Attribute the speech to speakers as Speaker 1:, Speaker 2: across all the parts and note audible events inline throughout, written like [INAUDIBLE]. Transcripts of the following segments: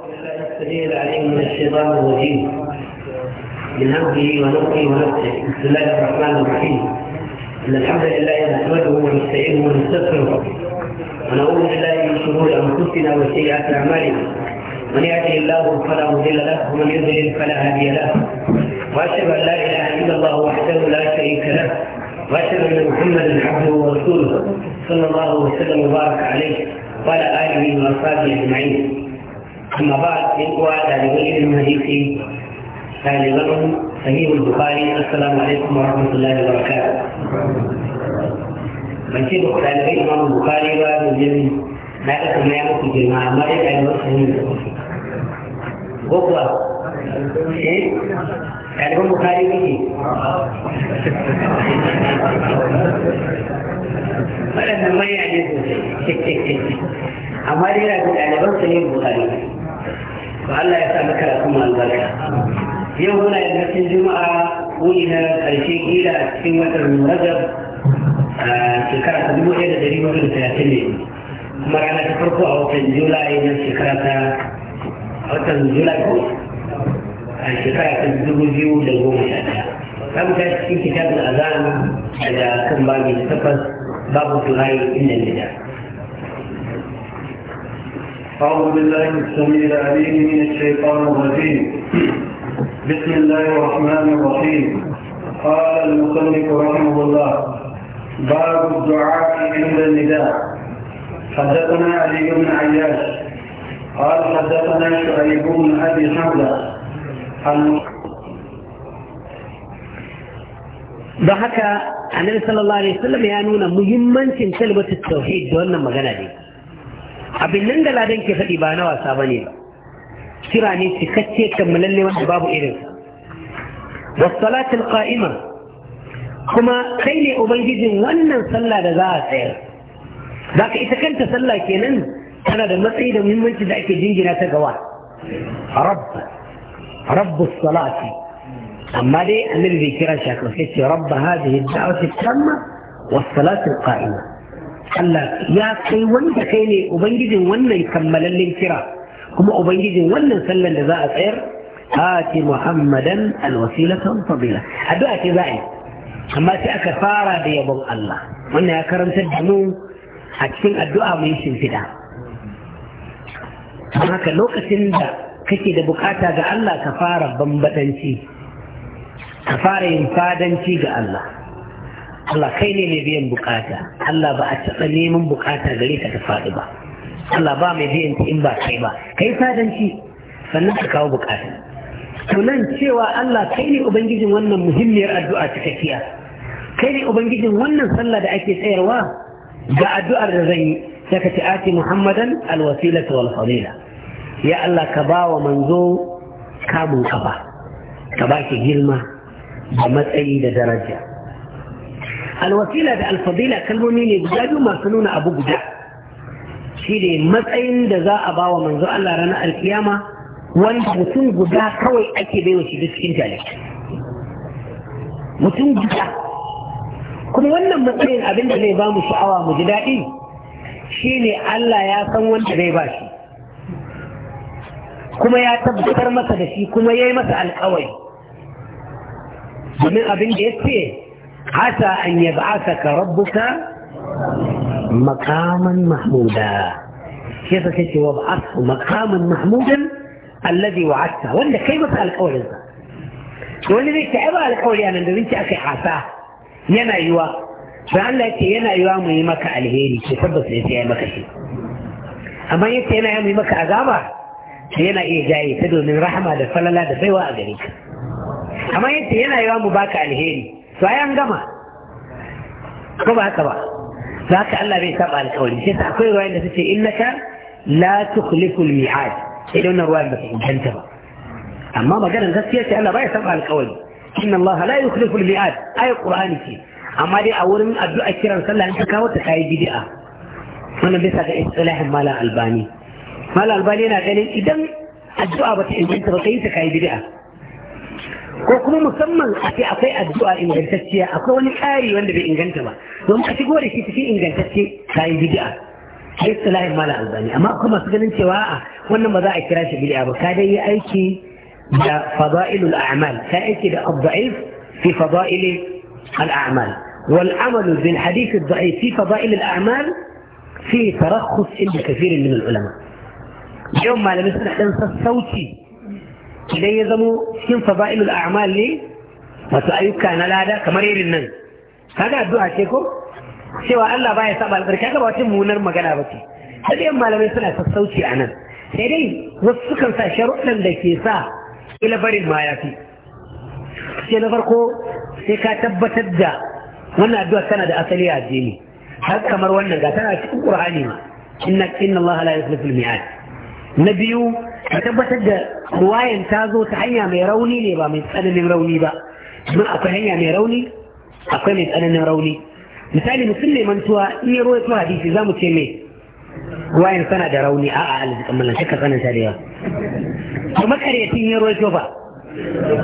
Speaker 1: بالله السميع العليم من الشيطان الرجيم من همزه ونفخه ونفسه بسم الله الرحمن الرحيم ان الحمد لله نحمده ونستعينه ونستغفره ونعوذ بالله من شرور انفسنا وسيئات اعمالنا من يهده الله فلا مضل له ومن يضلل فلا هادي له واشهد ان لا اله الا الله وحده لا شريك له واشهد ان محمدا عبده ورسوله صلى الله وسلم وبارك عليه وعلى اله واصحابه اجمعين أما بعد إخوة طالب العلم الحديثي طالب العلم صحيح البخاري السلام عليكم ورحمة الله وبركاته. من شيء طالب الإمام البخاري وابن الجن ما يقصد ما يقصد الجماعة ما يقصد أي وقت من الأخوة. طالب البخاري مني. ولا ما يعني أما اللي يقول أنا بس البخاري. ba Allah ya sami maka kuma albarka yau muna yin cikin juma'a wuni na karshe kila cikin watan rajab a shekara ta dubu ɗaya da dari hudu da talatin ne kuma rana ta farko a watan julai na shekara ta watan julai ko a shekara ta dubu biyu da goma sha ɗaya za mu cikin kitabin azan daga kan babu takwas babu turai inda nida أعوذ بالله
Speaker 2: السميع العليم من الشيطان الرجيم بسم الله الرحمن الرحيم قال المصنف رحمه الله باب الدعاء عند النداء حدثنا علي بن عياش قال حدثنا شعيب بن ابي حمزه
Speaker 1: ضحك النبي صلى الله عليه وسلم ya nuna muhimmancin kalmatin tauhid da wannan abin nan da ladan ke faɗi ba na wasa ba ne ba kira ne cikakke kammalalle wanda babu irin wasalatul qa'ima kuma kai ne ubangijin wannan sallah da za a tsayar za ka ita kanta sallah kenan tana da matsayi da muhimmanci da ake jingina ta gawa rabb rabbus amma dai annabi bai kira shi a kan sai ce rabb hadhihi da'wati Allah ya kai wanda kai ne ubangijin wannan kammalallen kira kuma ubangijin wannan sallan da za a tsayar ati muhammadan alwasilatan fadila addu'a ce za a yi amma sai aka fara da yabon Allah wannan ya karantar da mu a cikin addu'a mai shimfiɗa haka lokacin da kake da bukata ga Allah ka fara bambadanci ka fara yin fadanci ga Allah Allah kai ne mai biyan bukata Allah ba a taɓa neman bukata gare ka ta faɗi ba Allah ba mai biyan ta in ba kai ba kai sadanci sannan ka kawo bukata to nan cewa Allah kai ne ubangijin wannan muhimmiyar addu'a cikakkiya kai ne ubangijin wannan sallah da ake tsayarwa ga addu'ar da zan yi sai ka ce ati muhammadan Alwasila wal fadila ya Allah ka ba wa manzo kamun kafa ka ba shi girma da matsayi da daraja alwasila da alfadila kalmomi ne guda biyu masu nuna abu guda shi ne matsayin da za a ba wa manzo Allah ranar alkiyama wanda mutum guda kawai ake baiwa shi cikin jalici mutum guda kuma wannan matsayin abin da zai ba mu sha'awa mu ji daɗi shi ne Allah ya san wanda zai ba shi kuma ya tabbatar masa da shi kuma ya yi masa alkawari domin abin da ya ce عسى أن يبعثك ربك مقاما محمودا كيف تأتي وضعت مقاما محمودا الذي وعدته ولا كيف تسأل القول هذا يقول لي تعبى القول يا نبي أنت أخي حاسا ينا أيوا فأنا لا يتي ينا أيوا من يمكى الهيري تثبت لتي يا مكى شيء أما يتي ينا يوم يمكى أزابا ينا إيه جاي تدو من رحمة فلا لا دفوا أغريك أما يتي ينا أيوا مباكى الهيري to ai an gama ko ba haka ba za ka Allah bai saba alƙawari sai ta akwai ruwayan da ta ce innaka la tukhlifu al-mi'ad sai da wannan ruwayan ba ta inganta ba amma maganar gaskiya ce Allah bai saba alƙawari inna Allah la yukhlifu al-mi'ad ai qur'ani ce amma dai a wurin addu'a kiran sallah in ka kawo ta kai bid'a wannan bisa ga istilahin malam albani malam albani yana ganin idan addu'a ba ta inganta ba kai ta kai bid'a ko kuma musamman a ce akwai addu'a ingantacciya akwai wani tsari wanda bai inganta ba don ka shigo da shi cikin ingantacce kayan bid'a sai salahin mala albani amma kuma su ganin cewa a wannan ba za a kira shi bid'a ba ka dai yi aiki da fada'ilul a'mal ka aiki da abda'if fi fada'il al-a'mal wal amal bil hadith ad-da'if fi fada'il al-a'mal fi tarakhus inda kathir min al-ulama yau malamai suna dan sassauci idan ya zamo cikin fada'ilul a'mal ne wasu ayyuka na lada kamar irin nan kaga addu'a ce ko cewa Allah baya saba albarka ga wata munar magana ba ce sai yan malamai suna sassauci a nan sai dai wasu sukan sa sharuɗan da ke sa ila barin ma yafi sai na farko sai ka tabbatar da wannan addu'a tana da asali a addini har kamar wannan ga tana cikin qur'ani ma inna inna Allah la yukhlifu al-mi'ad na biyu a tabbatar da ruwayan ta zo ta hanya mai rauni ne ba mai tsananin rauni ba don akwai hanya mai rauni akwai mai tsananin rauni misali mutum mai mantuwa in ya ruwaito hadisi za mu ce mai ruwayan sana da rauni a a alzikan mallan shakka tsananta da yawa to makaryacin ya ruwaito ba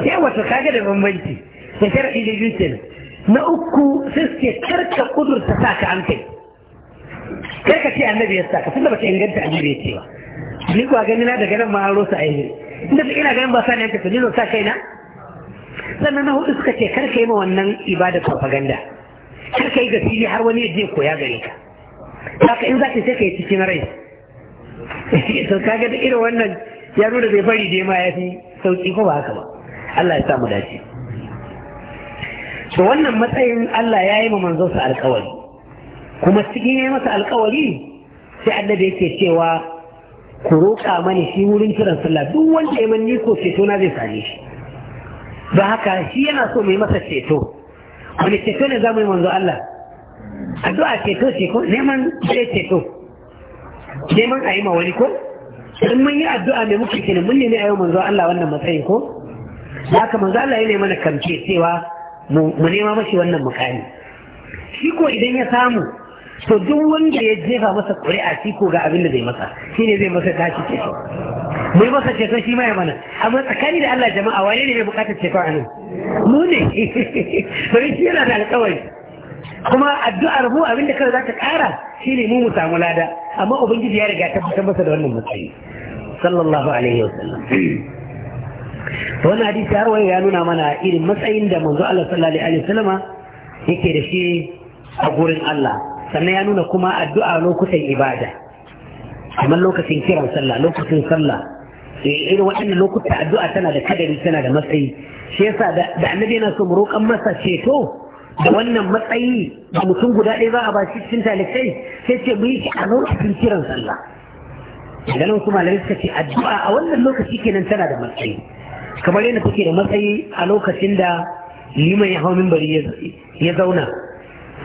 Speaker 1: sai wata kaga da bambanci da sharaɗi da biyu na uku sai suke karka kudurta sa ka an Kar karka ce annabi ya sa ka tunda ba ka inganta annabi ya ce ba ni kuwa gani na daga nan ma su ainihi inda su ina ganin ba sa ne yanka su nilo sa na sannan na hudu suka ce karka yi ma wannan ibada propaganda karka yi gasili har wani yaje koya gare ka haka in za ka sai ka yi cikin rai [LAUGHS] to kaga da irin wannan yaro da bai bari dai ma ya fi sauki ko ba haka ba Allah ya sa mu dace to wannan matsayin Allah ya yi ma manzon sa alƙawari kuma cikin ya yi masa alƙawari sai da yake cewa ku roƙa mani shi wurin kiran sallah duk wanda ya manni ko ceto na zai same shi Ba haka shi yana so mai masa ceto wani ceto ne za mu yi manzo Allah addu'a ceto ce ko neman zai ceto neman a yi ma wani ko in mun yi addu'a mai muke kenan mun nemi a yi manzo Allah wannan matsayin ko ba haka manzo Allah ya mana kamce cewa mu nema mashi wannan mukami shi ko idan ya samu to duk wanda ya jefa masa ƙuri'a shi ko ga abin da zai masa shi ne zai masa tashi ceto mai masa ceto shi mai mana amma tsakani da Allah jama'a wani ne mai bukatar ceto a nan mu ne [LAUGHS] bari shi yana da alƙawari kuma addu'ar mu abin da kawai za ta ƙara shi ne mu mu samu lada amma ubangiji ya riga tabbatar masa da wannan matsayi sallallahu alaihi wa sallam wannan hadisi har wani ya nuna mana irin matsayin da manzo Allah sallallahu alaihi wa sallama yake da shi a gurin Allah sannan ya nuna kuma addu'a lokutan ibada kamar lokacin kiran sallah lokacin sallah eh, irin waɗannan lokuta addu'a tana da kadari tana da matsayi shi yasa da annabi yana so mu roƙan masa ceto da wannan matsayi da mutum guda ɗaya za a ba shi cikin talibai sai ce mu yi shi a lokacin kiran sallah daga nan kuma malamai suka ce addu'a a wannan lokaci kenan tana da matsayi kamar yadda kuke da matsayi a lokacin da liman ya hau minbari ya zauna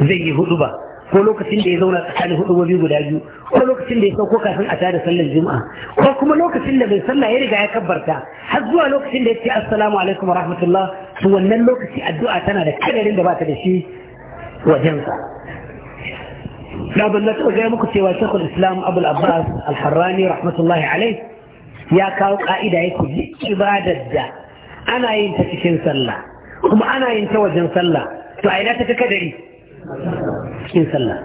Speaker 1: zai yi hudu ba ko lokacin da ya zauna tsakanin hudu wabi guda biyu ko lokacin da ya sauko kafin a tada sallar juma'a ko kuma lokacin da bai sallah ya riga ya kabbarta har zuwa lokacin da ya ce assalamu alaikum wa rahmatullah to wannan lokaci addu'a tana da kadarin da ba ta da shi wajensa na ban na taɓa gaya muku cewa shekul islam abul abbas alharrani rahmatullahi alaih ya kawo ka'ida yake duk ibadar da ana yin ta cikin sallah kuma ana yin ta wajen sallah to a ina ta kadari cikin sallah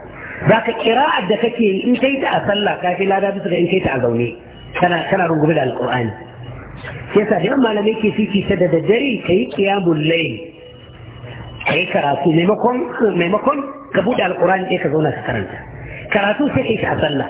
Speaker 1: za ka kira'ar da kake yi in kai ta a sallah ka fi lada bisa ga in kai ta a zaune kana kana rungume da alƙur'ani yasa da malamai ke fifi ta da daddare ka yi kiyamun layi ka yi karatu maimakon ka buɗe alƙur'ani ɗaya ka zauna ka karanta karatu sai kai ta a sallah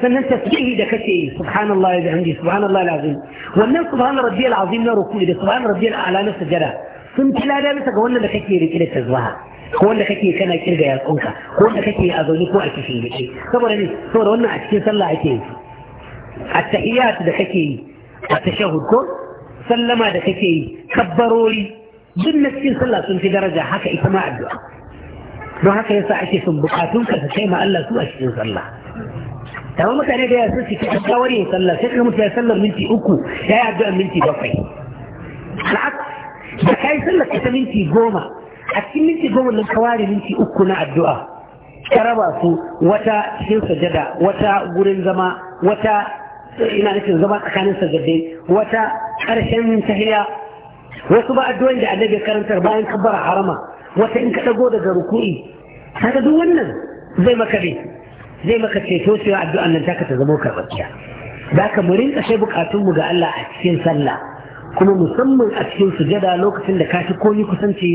Speaker 1: sannan tasbihi da kake yi subhanallahi da hamdi subhanallahi alazim wannan subhan rabbiyal azim na ruku da subhan rabbiyal a'la na sajada sun fi lada bisa ga wannan da kake rike da tazwaha ko wanda kake kana kirga yatsunka ko wanda kake a zaune ko a kishin gidi saboda ne saboda wannan a cikin sallah ake yi at-tahiyat da kake yi a tashahud ko sallama da kake yi kabbarori duk na cikin sallah sun fi daraja haka ita ma addu'a don haka yasa ake son bukatun ka kai ma Allah su a cikin sallah tama mutane da yasu su cikin kawar yin sallah sai kuma ya sallar minti uku ya yi addu'a minti bakwai al'ad da kai sallar ta minti goma a cikin minti goma nan ka ware minti uku na addu'a ka raba su wata cikin sajada wata gurin zama wata ina nufin zama tsakanin sajadai wata ƙarshen tahiya wasu ba addu'an da annabi karantar bayan kabbara harama wata in ka dago daga ruku'i kaga duk wannan zai maka ne zai maka ceto cewa addu'an nan taka ta zama karɓaciya da ka mu rinka sai bukatunmu ga Allah a cikin sallah kuma musamman a cikin sujada lokacin da ka fi koyi kusanci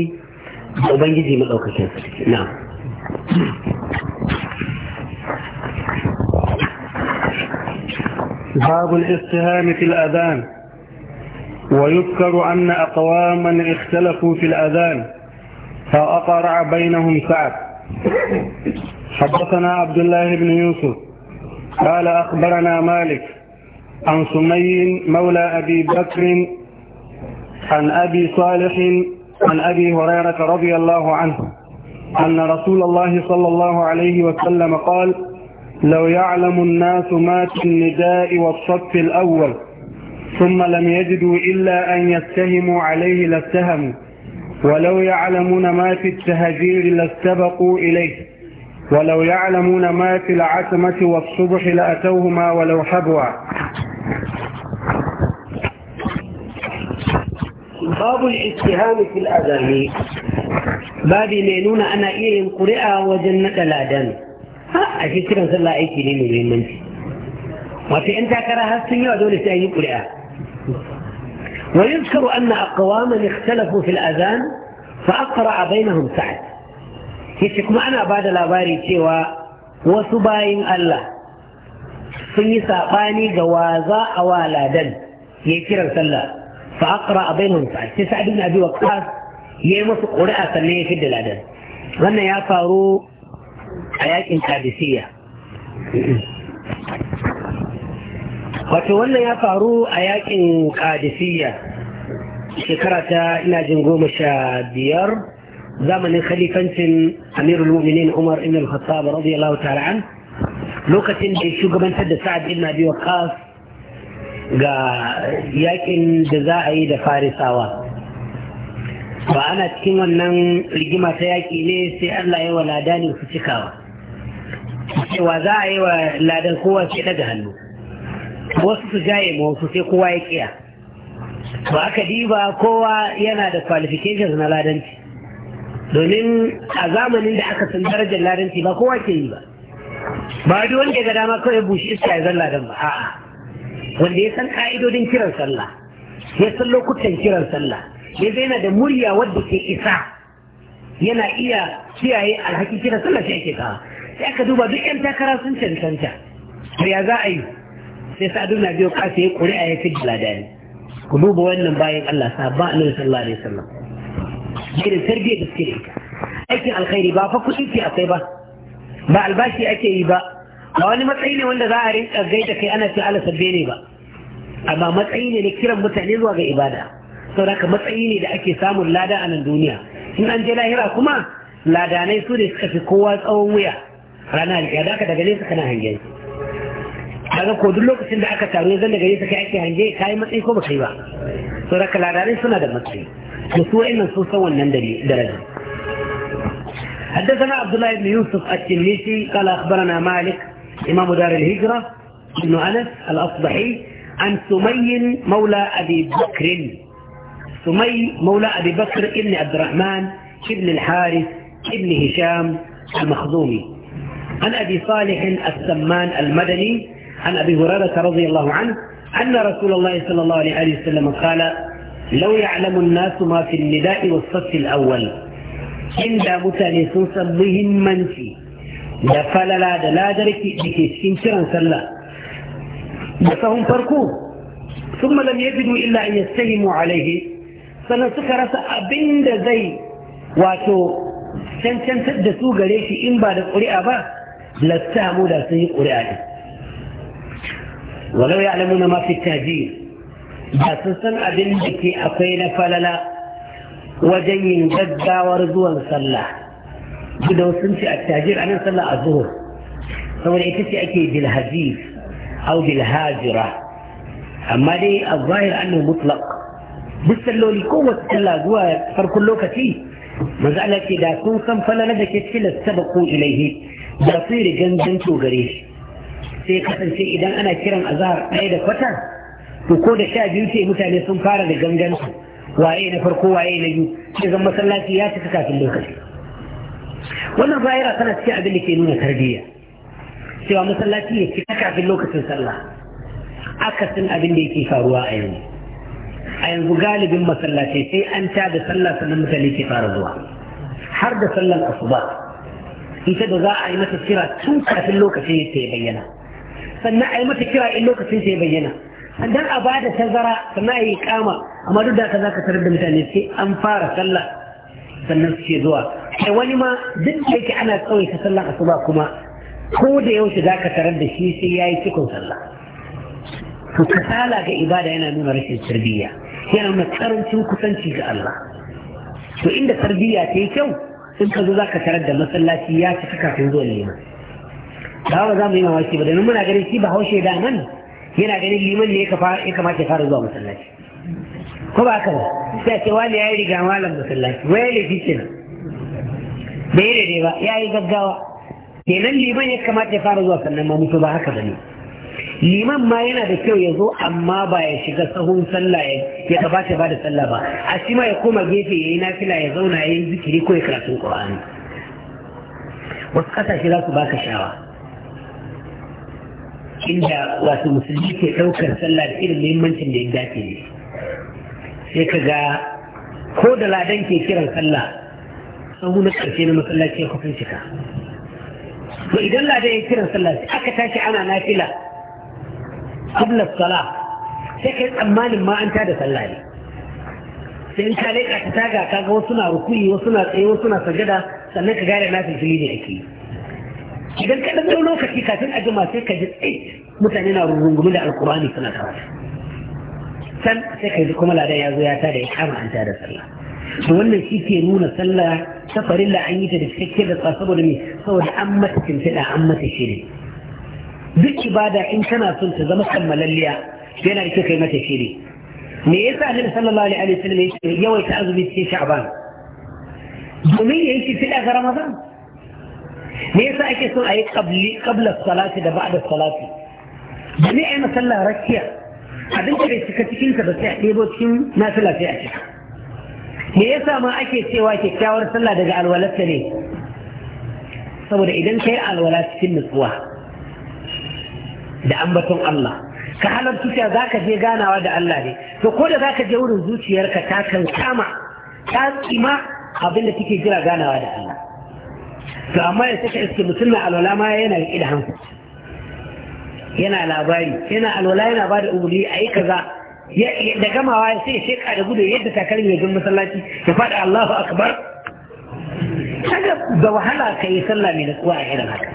Speaker 1: ubangiji maɗaukakin na باب
Speaker 2: الاستهام في الأذان ويذكر أن أقواما اختلفوا في الأذان فأقرع بينهم سعد حدثنا عبد الله بن يوسف قال أخبرنا مالك عن سمي مولى أبي بكر عن أبي صالح عن أبي هريرة رضي الله عنه أن رسول الله صلى الله عليه وسلم قال لو يعلم الناس ما في النداء والصف الأول ثم لم يجدوا إلا أن يتهموا عليه لاتهموا ولو يعلمون ما في التهجير لاستبقوا إليه ولو يعلمون ما في العتمة والصبح لأتوهما ولو حبوا
Speaker 1: باب الاتهام في الاذان باب مينون انا ايه ان قرئ وجنك الاذان ها اكيد كده صلى ايكي لي من انت وفي انت كره هسي ودول تاني قرئ ويذكر ان اقواما اختلفوا في الاذان فاقرع بينهم سعد كيفكم انا بعد لا باري سوى وسباين الله سن يسقاني جوازا اوالا دن يكرر صلى الله فأقرأ بينهم سعد sai sa'ad ibn abi waqqas yayi musu ƙuri'a sannan ya fidda ladan wannan ya faru a yakin qadisiyya wato wannan ya faru a yaƙin qadisiyya shekara ta ina jin goma sha biyar zamanin khalifancin amirul umar ibn al-khattab radiyallahu ta'ala an lokacin da shugabantar da sa'ad ga yakin da za a yi da farisawa ba ana cikin wannan rigima ta yaki ne sai Allah ya wa ne su cikawa cewa za a yi wa ladan kowa sai daga hannu wasu su jaye ma wasu sai kowa ya kiya ba aka diba kowa yana da qualifications na ladanci domin a zamanin da aka san darajar ladanci ba kowa ke yi ba ba duk wanda ga dama kawai bushe iska ya zan ladan ba a'a wanda ya san ka'idodin kiran sallah ya san lokutan kiran sallah ya zaina da murya wadda ke isa yana iya kiyaye alhakin kiran sallah shi ake kawa sai aka duba duk yan takara sun cancanta to ya za a yi sai sa'adu na biyo kasa ya ƙuri'a ya fi ladani ku duba wannan bayan Allah sabba annabi sallallahu alaihi wasallam irin tarbiyyar da suke da ita aikin alkhairi ba fa kuɗi ce akwai ba ba albashi ake yi ba ba wani matsayi ne wanda za a rinka gaida kai ana ce ala sabbe ne ba amma matsayi ne ne kiran mutane zuwa ga ibada saboda matsayi ne da ake samun lada a nan duniya in an je lahira kuma ladanai su ne suka fi kowa tsawon wuya rana da ya aka daga nesa kana hangen kaga ko duk lokacin da aka taro zan daga nesa kai ake hange kai matsayi ko ba kai ba saboda ladanai suna da matsayi to su wa'annan sun san wannan daraja حدثنا عبد الله بن يوسف التلميسي قال اخبرنا مالك امام دار الهجره بن انس الاصبحي عن سمي مولى أبي بكر سمي مولى أبي بكر ابن عبد الرحمن ابن الحارث ابن هشام المخزومي عن أبي صالح السمان المدني عن أبي هريرة رضي الله عنه أن رسول الله صلى الله عليه وسلم قال لو يعلم الناس ما في النداء والصف الأول عند متاني سنسبهم منفي دفل لا دلا دركي بكي سكين سلا فهم فرقوه ثم لم يجدوا إلا أن يستهموا عليه فنسك رسع بند زي واتو كان كان تدسو غريشي إن بعد قرئة با لستهموا لا سيء قرئة ولو يعلمون ما في التهجير أساسا أبنك أقين فللا وجين جدا ورزوا صلى بدو سنتي التهجير أنا صلى الظهر فمن أكيد الهجيف أو بالهاجرة أما دي الظاهر أنه مطلق بسلو لكوة سلا زوا فركل لوكتي مزالة إذا كون سم فلا لدك السلة سبقوا إليه بصير جنجن توغريش sai kasance idan ana kiran azahar ɗaya da kwata to ko sha biyu ce mutane sun fara da gangan waye na farko waye na biyu sai zan masallaci ya cika kafin lokaci wannan fa'ira tana cikin abin da ke nuna tarbiyya cewa masallaci ya cika kafin lokacin sallah akasin abin da yake faruwa a yanzu a yanzu galibin masallatai sai an ta da sallah sannan mutane ke fara zuwa har da sallar asuba ita da za a yi mata kira tun kafin lokacin ta bayyana sannan a yi mata kira in lokacin ta ya bayyana sannan a ba da tazara sannan a yi kama amma duk da haka ka tarar da mutane sai an fara sallah sannan su ke zuwa kai wani ma duk da yake ana tsawaita sallar asuba kuma ko da yaushe za ka tarar da shi sai ya yi cikin sallah to kasala ga ibada yana nuna rashin tarbiyya yana nuna karancin kusanci ga Allah to inda tarbiyya ta yi kyau in ka zo za ka tarar da masallaci ya cika kafin zuwa liman ba wa za mu yi mamaki ba domin muna ganin shi ba haushe da nan yana ganin liman ne ya kamata ya fara zuwa masallaci ko ba haka ba sai ce wani ya yi riga malam masallaci wai ya laifi kenan bai daidai ba ya yi gaggawa kenan liman ya kamata ya fara zuwa sannan ma mutu ba haka bane liman ma yana da kyau ya zo amma ba ya shiga sahun sallah ya gabata ba da sallah ba a shi ma ya koma gefe ya yi nafila ya zauna ya yi zikiri ko ya karatun qur'ani wasu kasashe za su baka shawa inda wasu musulmi ke ɗaukar sallah da irin muhimmancin da ya dace ne sai ka ga ko da ladan ke kiran sallah sahun na ƙarshe na masallaci ya kusan cika to idan ladan ya kiran sallah sai aka tashi ana nafila qabla salah sai kai tsammanin ma an ta da sallah ne sai in ka leka ta taga ka ga wasu na rukuyi wasu na tsaye wasu na sajada sannan ka gane na fili ne ake yi idan ka ɗan lokaci kafin a jima sai ka ji tsaye mutane na rungumi da alkurani suna karatu san sai ka ji kuma ladan ya zo ya da ya kama an ta da sallah to wannan shi ke nuna sallah ta farilla an yi ta da cikakke da saboda me saboda an mata kimfiɗa an mata shiri duk ibada in kana son ta zama kammalalliya yana da kyau kai mata shiri me yasa annabi sallallahu alaihi wa sallam yake yawaita azumi cikin sha'ban domin shi kimfiɗa ga ramadan me yasa ake son a yi qabli qabla salati da ba'da salati domin ai masallah rakiya abin da bai cika cikin ka ba sai a ɗebo cikin nafila sai a cika me yasa ma ake cewa kyakkyawar sallah daga alwalarta ne saboda idan ka yi alwala cikin nutsuwa da ambaton Allah ka halarci cewa za ka je ganawa da Allah ne to ko da za ka je wurin zuciyarka ta kan kama ta tsima abin da take jira ganawa da Allah to amma ya saka iske mutum na alwala ma yana riƙe da yana labari yana alwala yana ba da umuri a yi kaza da gamawa sai ya sheka da gudu yadda takalmi ya gan masallaci ya faɗi Allahu akbar kaga da wahala ka yi sallah mai natsuwa a irin haka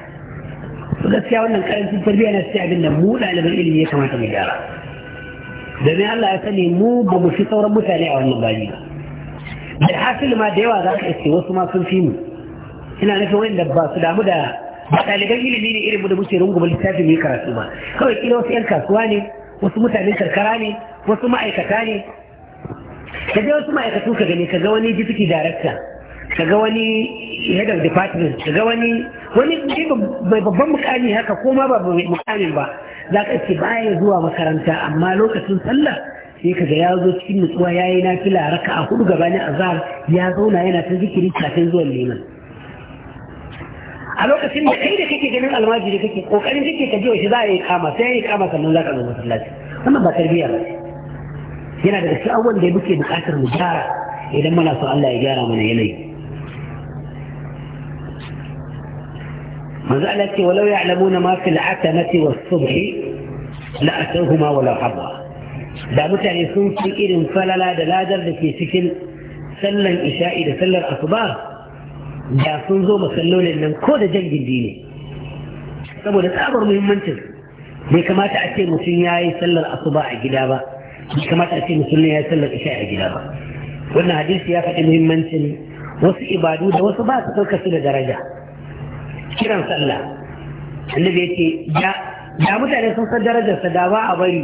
Speaker 1: to gaskiya wannan karancin tarbiyya na sai abin da mu ɗaliban ilimi ya kamata mu gyara domin Allah ya sani mu ba mu fi sauran mutane a wannan baji ba da hasil ma da yawa za ka iske wasu ma sun fi mu ina nufin wanda ba su damu da ba ɗaliban ilimi ne irin mu da muke rungumar littafi mai karatu ba kawai kila wasu 'yan kasuwa ne wasu mutanen karkara ne wasu ma'aikata ne ka ga wasu ma'aikatu ka gani ka ga wani jifiki darakta ka ga wani head of department ka ga wani wani bai babban mukami haka ko ma ba mukamin ba za ka ce baya zuwa makaranta amma lokacin sallah sai ka ga ya zo cikin nutsuwa ya yi na fila raka a hudu gabanin azhar ya zauna yana ta zikiri kafin zuwan neman a lokacin da kai da kake ganin almajiri kake kokarin kake ka jiwa shi za a yi kama sai ya yi kama sannan za ka zo masallaci wannan ba tarbiyya ba yana daga cikin abubuwan da muke buƙatar mu gyara idan muna so Allah ya gyara mana yanayi manzo Allah ce walau ya'lamuna ma fil atamati was subhi la atawhuma wala habba da mutane sun ci irin falala da ladar da ke cikin sallan isha'i da sallar asuba da sun zo masallolin nan ko da jan gindi ne saboda tsabar muhimmancin bai kamata a ce mutum ya yi sallar asuba a gida ba bai kamata a ce mutum ya yi sallar isha a gida ba wannan hadisi ya faɗi muhimmancin wasu ibadu da wasu ba su ɗauka su da daraja kiran sallah annabi ya ce da mutane sun san darajarsa da ba a bari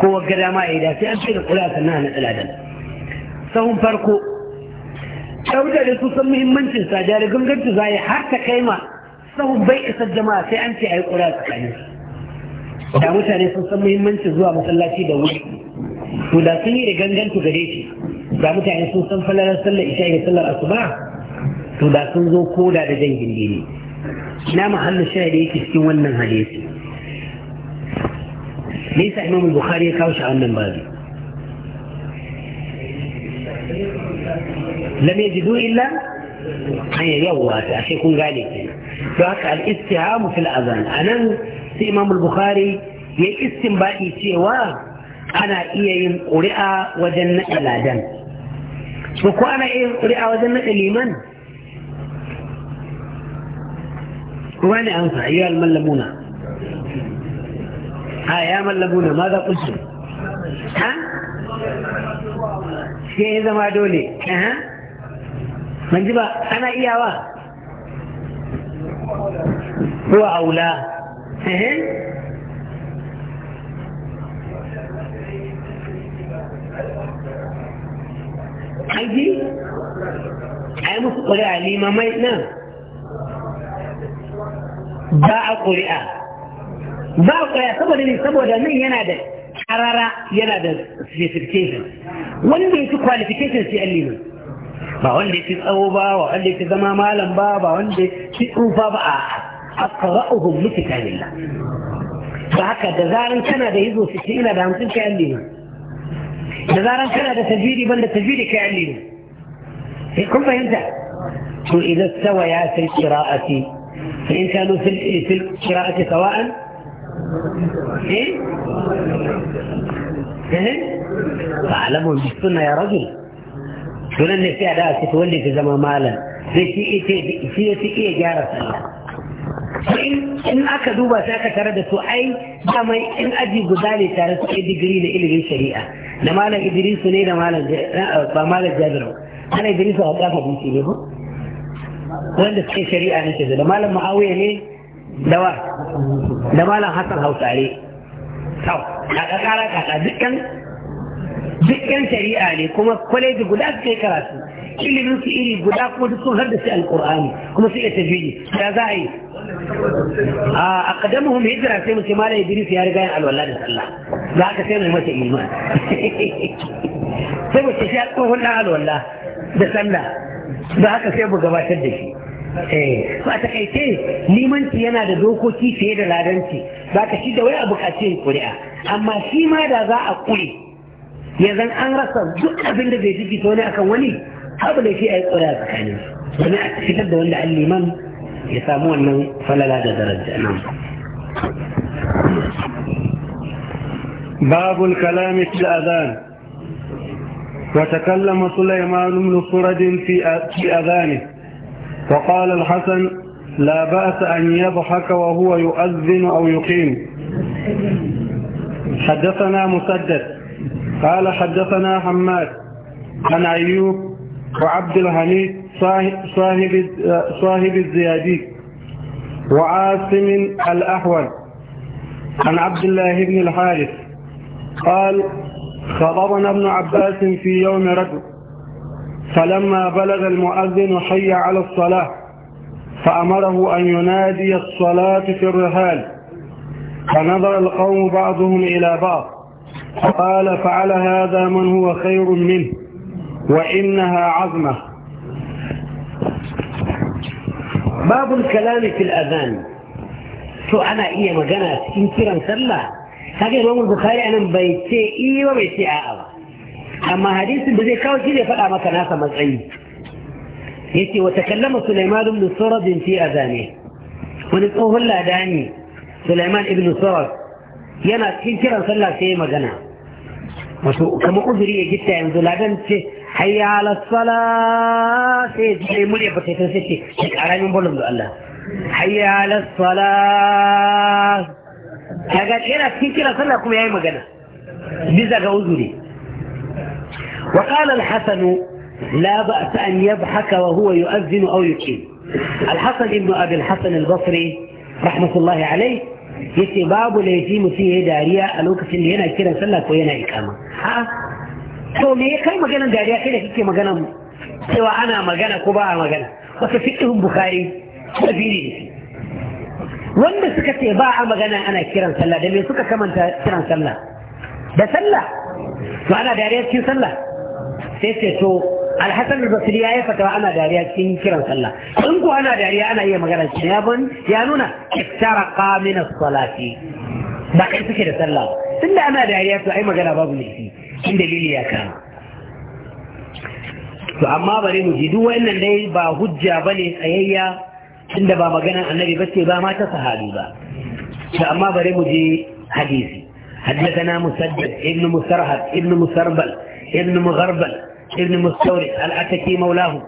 Speaker 1: ko wagga dama ya yi da sai an ce da kula sannan na tsaladan sahun farko ta mutane su san muhimmancin sa da ganganci za yi har ta kai ma sahun bai isa jama'a sai an ce a yi ƙura tsakanin da mutane sun san muhimmancin zuwa masallaci da wuri to da sun yi da ganganci gare shi da mutane sun san falalar sallar isha da sallar asuba to da sun zo koda da jan gindini na mahallin shaya da yake cikin wannan hadisi nisa imam bukhari ya kawo shi a wannan bazi لم يجدوا إلا أي يوم واسع يكون ذلك فهك الاستهام في الأذان أنا في إمام البخاري يستم باقي سيوا أنا إيين قرئة وجنة إلى دم وكو أنا إيين قرئة وجنة لمن وين أنفع يا الملمونة ها يا ملمونة ماذا قلتم ها شيء إذا ما دولي ها أه؟ من جبا أنا إياوا ko a wula? aiki a yi musu ƙuri'a limamai nan
Speaker 3: ba a ƙuri'a
Speaker 1: ba a ƙuri'a saboda ne saboda nan yana da karara yana da specification Wani ya su qualification sai an liman ba wanda yake tsawo ba ba wanda yake zama malam ba ba wanda yake tsufa ba a aqra'uhum li kitabillah ba haka da zaran kana da hizo su ina da hamsin kai alli ne da zaran kana da tajiri banda tajiri kai alli ne sai kun fahimta to idan ya sai qira'ati sai in kanu fil fil qira'ati sawa'an
Speaker 3: eh eh ba
Speaker 1: bis sunna ya rajul sunan ne sai a da ake wanda ke zama malam sai shi ya fi iya gyara sallah in aka duba sai aka tare da su ai kamar in aji guda ne tare su digiri da ilimin shari'a da malam idris ne da malam ba malam jabiru ana idrisu a kafa dinki ne ko wanda suke shari'a ne ke da malam ma'awiya ne da wa da malam hassan hausare sau a kakara kaka dukkan duk yan shari'a ne kuma kwaleji guda suka yi karatu ilimin su iri guda kuma duk sun haddace alkur'ani kuma su iya tafiye ya za a yi a kadamuhum hijira sai mace mala idris ya riga yin alwala da sallah za ka sai mu mace iman sai mace shi tsohon dan alwala da sallah za haka sai mu gabatar da shi eh, a takaice limanci yana da dokoki fiye da ladanci ba ka shi da wai a bukaci kuri'a amma shi ma da za a kure ya zan an rasa duk abin da zai fi wani akan wani abu da shi a yi tsora a tsakanin wani a fitar da wanda alliman ya samu wannan falala da daraja nan باب الكلام
Speaker 2: في الأذان وتكلم سليمان بن سرد في أذانه وقال الحسن لا بأس أن يضحك وهو يؤذن أو يقيم حدثنا مسدد قال حدثنا حماد عن أيوب وعبد الحميد صاحب صاحب الزيادي وعاصم الأحول عن عبد الله بن الحارث قال خضرنا ابن عباس في يوم رجل فلما بلغ المؤذن حي على الصلاة فأمره أن ينادي الصلاة في الرحال فنظر القوم بعضهم إلى بعض قال فعل هذا من هو خير منه وإنها عظمة
Speaker 1: باب الكلام في الأذان شو أنا إيه مجنس إن كيرا مسلا هكذا الإمام البخاري أنا بيتي إيه وبيتي آه أما حديث بذي كاو كيدي فلا ما كان هذا مزعيد يتي وتكلم سليمان بن سرد في أذانه ونبقوه الله داني سليمان بن سرد yana cikin kiran sallah sai ya magana wato kamar uzuri ya gitta yanzu ladan ce hayya ala sala sai ya ji murya ba sai sai ce ki karamin bolon da Allah hayya ala sala kaga yana cikin kiran sallah kuma yayi magana bisa ga uzuri وقال الحسن لا بأس أن يضحك وهو يؤذن أو يقيم الحسن ابن أبي الحسن البصري رحمة الله عليه yace babu laifi mutum yi dariya a lokacin da yana kiran sallah ko yana ikama a to me ya kai maganar dariya kai da kike magana cewa ana magana ko ba a magana wata fiqhun bukhari tafsiri wanda suka ce ba a magana ana kiran sallah da me suka kamanta kiran sallah da sallah to ana dariya cikin sallah sai ce to alhassan da basri ya yi fatawa ana dariya cikin kiran sallah in ko ana dariya ana iya magana cikin ya nuna iftara qamina salati ba kai suke da sallah da ana dariya to ai magana babu laifi in dalili ya kama to amma bari mu ji duk wannan dai ba hujja bane tsayayya tunda ba magana annabi bace ba ma ta sahabi ba to amma bari mu ji hadisi حدثنا مسدد ابن مسرهد ابن مسربل ابن مغربل ابن مستورد الأتكي مولاه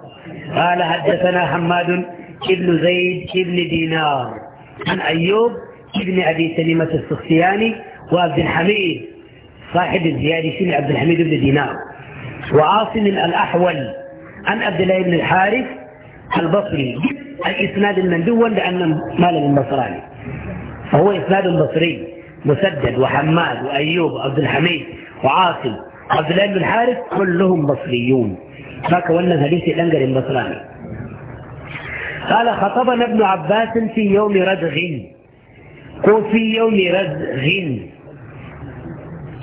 Speaker 1: قال حدثنا حماد بن زيد بن دينار عن أيوب بن أبي سلمة السختياني وعبد الحميد صاحب الزيادي شنو عبد الحميد بن دينار وعاصم الأحول عن عبد الله بن الحارث البصري الإسناد المندول لأن مال النصراني فهو إسناد بصري مسدد وحماد وأيوب وعبد الحميد وعاصم عبد الله بن الحارث كلهم مصريون فك ولا ذلك الانجر المصراني قال خطبنا ابن عباس في يوم رزغ وفي يوم رزغ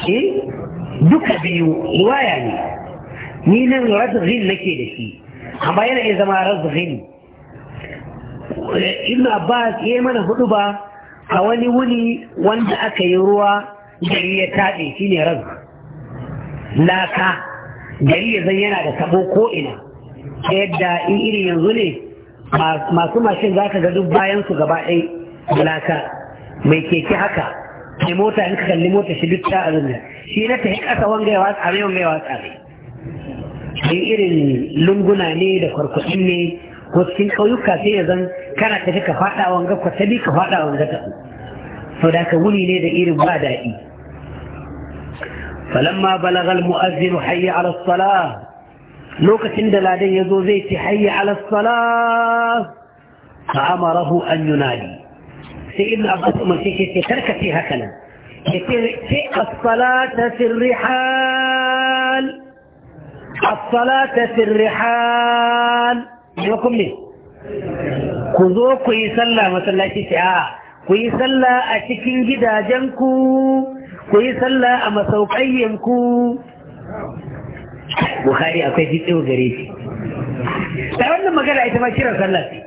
Speaker 1: ايه دوكا بيو هو يعني مين رزغ لك لكي اما يلا اذا ما رزغ ابن عباس ايه من هدوبا اولي ولي وانت اكيروا جريتاتي كيني رزغ laka gari ya zan yana da tabo ko ina ta yadda in iri yanzu ne masu mashin za ka ga duk bayan su gaba ɗai laka mai keke haka ke mota in ka kalli mota shi duk ta azumi shi na ta yi ƙasa wanga ya watsa mai mai watsa mai in irin lunguna ne da kwarkwaɗin ne ko cikin ƙauyuka sai ya zan kana tafi ka faɗa wanga kwatabi ka faɗa wanga ta so da ka wuni ne da irin ba daɗi falamma balagal mu'azzinu hayya lokacin da ladan ya zo zai ce hayya ala salah fa amarahu an yunadi sai ibn abbas umar sai ce karkace haka nan sai as-salata fi rihal as-salata fi rihal ne kuma ku zo ku yi sallah ku ku yi sallah a masauƙayyanku bukari akwai fitsewa gare shi ta wannan magana ita ma kiran sallah ce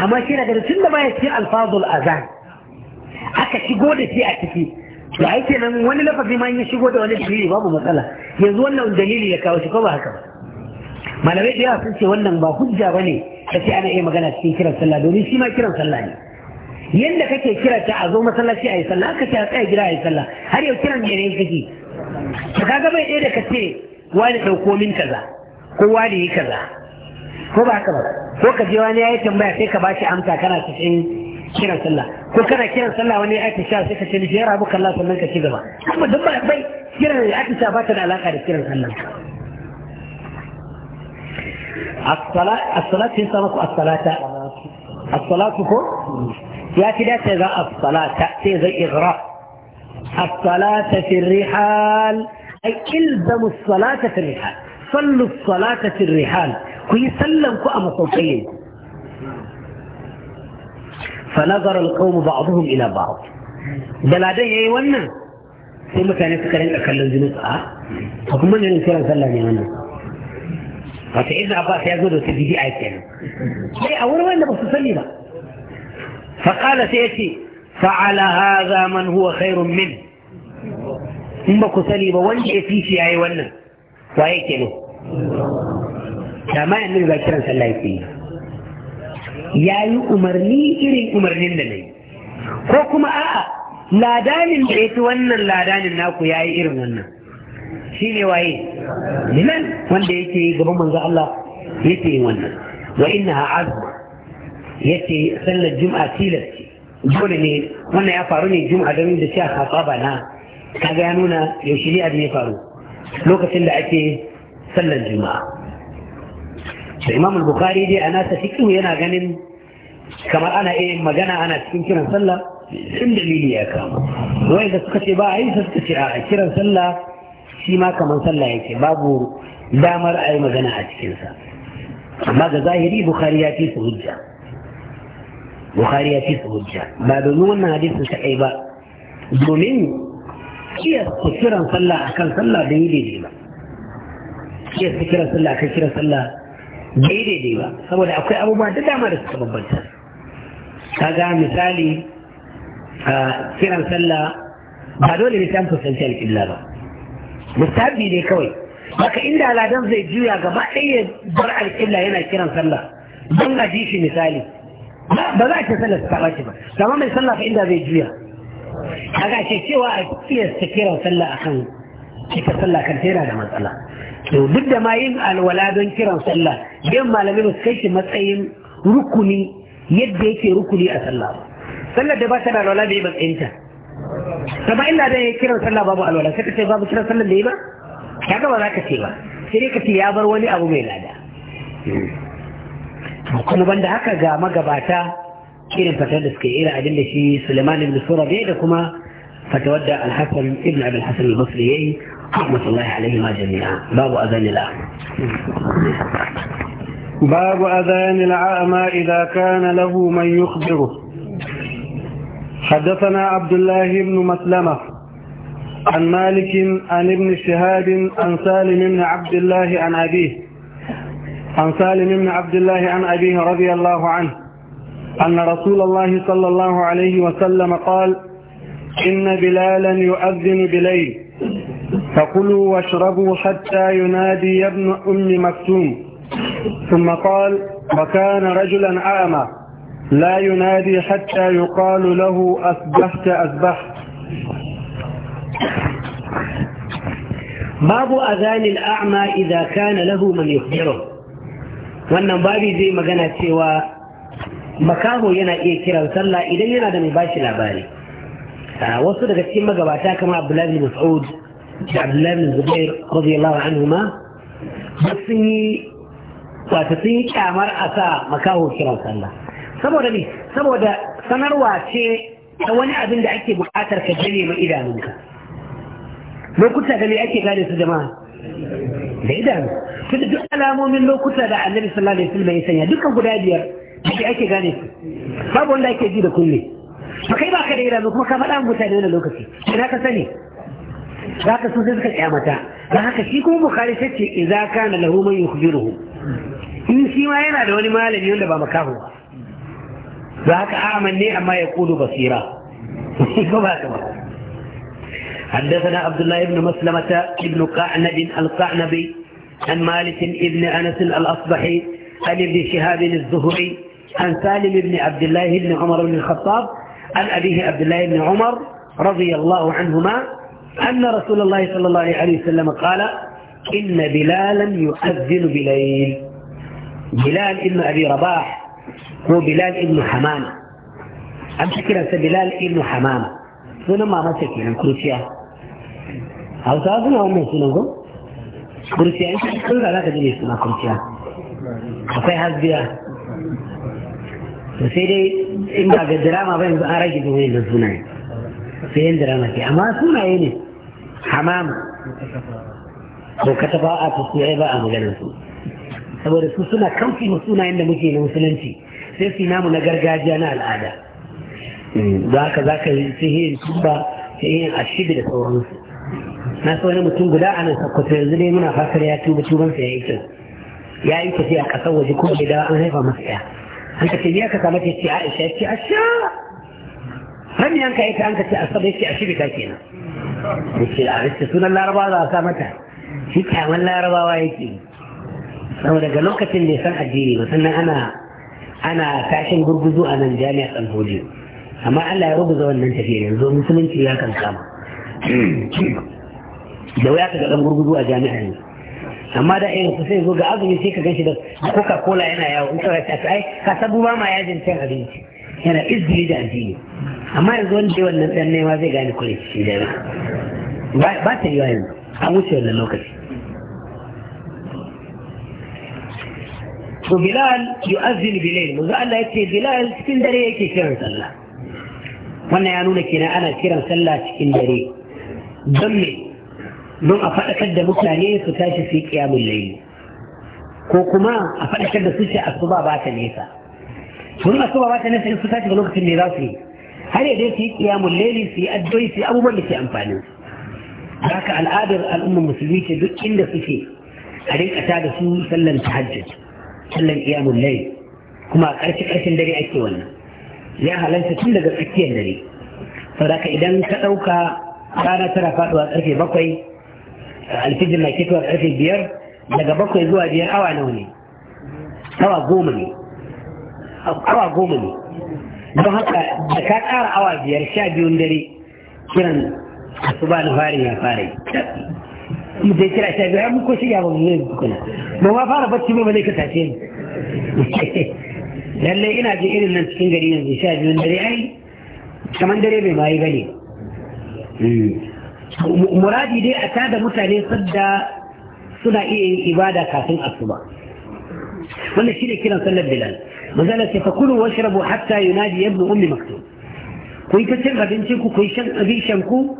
Speaker 1: amma shi na tun da baya ce alfazul azan aka shigo da shi a ciki da ake nan wani lafazi ma ya shigo da wani dalili babu matsala yanzu wannan dalili ya kawo shi ko ba haka ba malamai da yawa sun ce wannan ba hujja ba ne ta ce ana iya magana cikin kiran sallah domin shi ma kiran sallah ne yanda kake kira ta a zo masallaci a yi sallah aka ce a tsaye gida a yi sallah har yau kiran mene kake ka kaga bai ɗaya da ka ce wani ɗauko min kaza ko wani yi kaza ko ba ka ba ko ka je wani ya yi tambaya sai ka bashi amsa kana cikin kiran sallah ko kana kiran sallah wani ya sha sai ka ce ni jera muka Allah sannan ka ci gaba amma duk ba bai kiran ya sha ba ta da alaka da kiran sallah الصلاة الصلاة تنسى الصلاة الصلاة ko? يا كده تذا الصلاة تأتي إغراء الصلاة في الرحال أي إلزموا الصلاة في الرحال صلوا الصلاة في الرحال كي سلم كأم صوتين فنظر القوم بعضهم إلى بعض دلادين أي ونن sai mutane suka rinka kallon junus a a kuma ne kiran sallah ne wannan wata idan abbas ya zo da wata bidi'a kenan sai a wurin wanda ba su sani ba faƙala sai ya ce fa'ala haza man huwa khairun min in ba ku sani ba wanda ya fi yayi wannan waye ke ne da ma yanzu ba kiran sallah yake yi ya yi umarni irin umarnin da na yi ko kuma a'a ladanin da ya fi wannan ladanin naku ya yi irin wannan shi ne waye liman wanda yake gaban Allah yin wannan yace sallar juma'a tilas ce dole ne wannan ya faru ne juma'a domin da cewa hasaba na kaga ya nuna yaushe ne abin ya faru lokacin da ake sallar juma'a da imam bukhari dai a nasa fikihu yana ganin kamar ana iya magana ana cikin kiran sallah in dalili ya kama wai da suka ce ba a yi suka ce a kiran sallah shi ma kamar sallah yake babu damar a yi magana a cikinsa amma ga zahiri bukhari ya fi su hujja bukhari ya fi su hujja ba domin wannan hadisin kaɗai ba domin iya kiran sallah akan sallah da yi daidai ba iya kiran sallah akan kiran sallah da yi daidai ba saboda akwai abubuwa da dama da suka bambanta ga misali a kiran sallah ba dole ne ta fuskanci alƙibla ba musabi ne kawai haka inda aladan zai juya gaba ɗaya bar alƙibla yana kiran sallah don a ji shi misali ba za a sallar ta ɓaci ba kama mai sallah inda zai juya a ce cewa a ta kiran sallah kan cika sallah kan tera da matsala to duk da ma yin alwala don kiran sallah yin malami ba su kai shi matsayin rukuni yadda yake rukuni a sallah ba sallar da ba ta da alwala yi matsayinta ta ba inda da kiran sallah babu alwala sai ka ce babu kiran sallah da yi ba ka ga ba za ka ce ba sai ka ce ya bar wani abu mai lada kuma banda haka ga magabata kirin fatar da suka yi irin abin da shi Suleiman ibn bai da kuma fatawar da Al-Hasan ibn Abi Al-Hasan al-Basri yayi rahmatullahi alaihi ma jami'a babu azan ila
Speaker 2: babu azan al-a'ma idza kana lahu man yukhbiru حدثنا عبد الله بن مسلمة عن مالك عن ابن شهاب عن سالم بن عبد الله عن أبيه عن سالم بن عبد الله عن أبيه رضي الله عنه أن رسول الله صلى الله عليه وسلم قال إن بلالا يؤذن بليل فكلوا واشربوا حتى ينادي يا ابن أم مكتوم ثم قال وكان رجلا أعمى لا ينادي حتى يقال
Speaker 1: له أسبحت أسبحت باب أذان الأعمى إذا كان له من يخبره wannan babi zai magana cewa makaho yana iya kiran sallah idan yana da mai bashi labari wasu daga cikin magabata kama abdullahi mas'ud da abdullahi zubair radiyallahu anhu ma sun yi wata sun yi kyamar a sa makaho kiran sallah saboda ne saboda sanarwa ce ta wani abin da ake buƙatar ka jere ma idanunka lokuta da ne ake gane su jama'a da idanu to da duk alamomin lokuta da annabi sallallahu alaihi wasallam ya sanya dukkan guda biyar da ake gane su babu wanda ake ji da kulle to kai baka da idanu kuma ka faɗa mutane wannan lokaci ina ka sani za ka so sai suka kyamata da haka shi kuma bukari sai ce idza kana lahu man yukhbiruhu in shi ma yana da wani malami wanda ba makaho ba za haka amanne ne amma ya kudu basira [LAUGHS] ko ba ka ba حدثنا عبد الله بن مسلمة بن قعنب القعنبي عن مالك بن أنس الأصبحي عن ابن شهاب الزهري عن سالم بن عبد الله بن عمر بن الخطاب عن أبيه عبد الله بن عمر رضي الله عنهما أن رسول الله صلى الله عليه وسلم قال إن بلالا يؤذن بليل بلال ابن أبي رباح هو بلال ابن حمامة فكره بلال ابن حمامة سنما مسك من يعني كروسيا hausa suna wannan sunan ko in ka canza za suna kurciya akwai hasbiya sai dai in ba ga drama an rage da wani da sunaye sai yin drama ke amma sunaye ne hamama ko katafa a kusurai ba a maganar saboda suna kamfi sunayen da muke na musulunci sai su na gargajiya na al'ada hmm. za ka za ka yi sihirin tuba sihirin ashibi da sauransu na so wani mutum guda a nan sakkwato yanzu dai muna fatar ya tuba tubansa ya yi kyau ya yi tafiya a ƙasar waje ko bai dawo an haifa masa ɗaya. an ka ce biya ka kama ce aisha ya ce asha rami an ka yi ta an ka ce a ya ce ashirika kenan ya ce a rikta sunan larabawa za a sa mata shi kyaman larabawa yake saboda daga lokacin da ya san addini ba sannan ana ana tashin gurguzu a nan jami'a alhoji amma allah ya ruguza wannan tafiya yanzu musulunci ya kan kama da wuya ka ga dan gurgudu a jami'a ne amma da irin sai zo ga azumi sai ka ganshi da coca cola yana yawo in kawai ta ai ka sabu ba ma yajin cin abinci yana izini da addini amma yanzu wanda yawan nan dan nema zai gane kure shi da ba ta yi yanzu an wuce wannan lokaci to bilal yu'azzin bilal, manzo Allah yace bilal cikin dare yake kiran sallah wannan ya nuna kenan ana kiran sallah cikin dare don me don a faɗakar da mutane su tashi su yi ƙiyamun laifi, ko kuma a faɗakar da su ce asuba ba ta nesa tun asuba ba ta nesa in su tashi ga lokacin ne za su yi har yadda su yi ƙiyamun laifi su yi addu'o'i su yi abubuwan da ke amfanin su haka al'adar al'ummar musulmi ce duk inda suke a rinka ta da su sallan tahajjud sallan ƙiyamun laifi? kuma a ƙarshe ƙarshen dare ake wannan ya halarta tun daga tsakiyar dare saboda idan ka ɗauka rana tara faɗuwa ƙarfe bakwai alfijir na fitowar karfe biyar daga bakwai zuwa biyar awa nawa ne awa goma ne awa goma ne don haka da ka ƙara awa biyar sha biyun dare kiran su ba fari ya fara yi dai kira sha biyar mun ko shiga ba mu yi kuna ba ma fara bacci ba zai ka tashe ni lallai ina jin irin nan cikin gari yanzu sha biyun dare ai kamar dare bai ma yi gani muradi dai a tada mutane sadda suna iya yin ibada kafin asuba wannan shine kiran sallar bilal manzala ce fakulu washrabu hatta yunadi ibn ummi maktum ku yi ta cin abincin ku ku yi shan abincin ku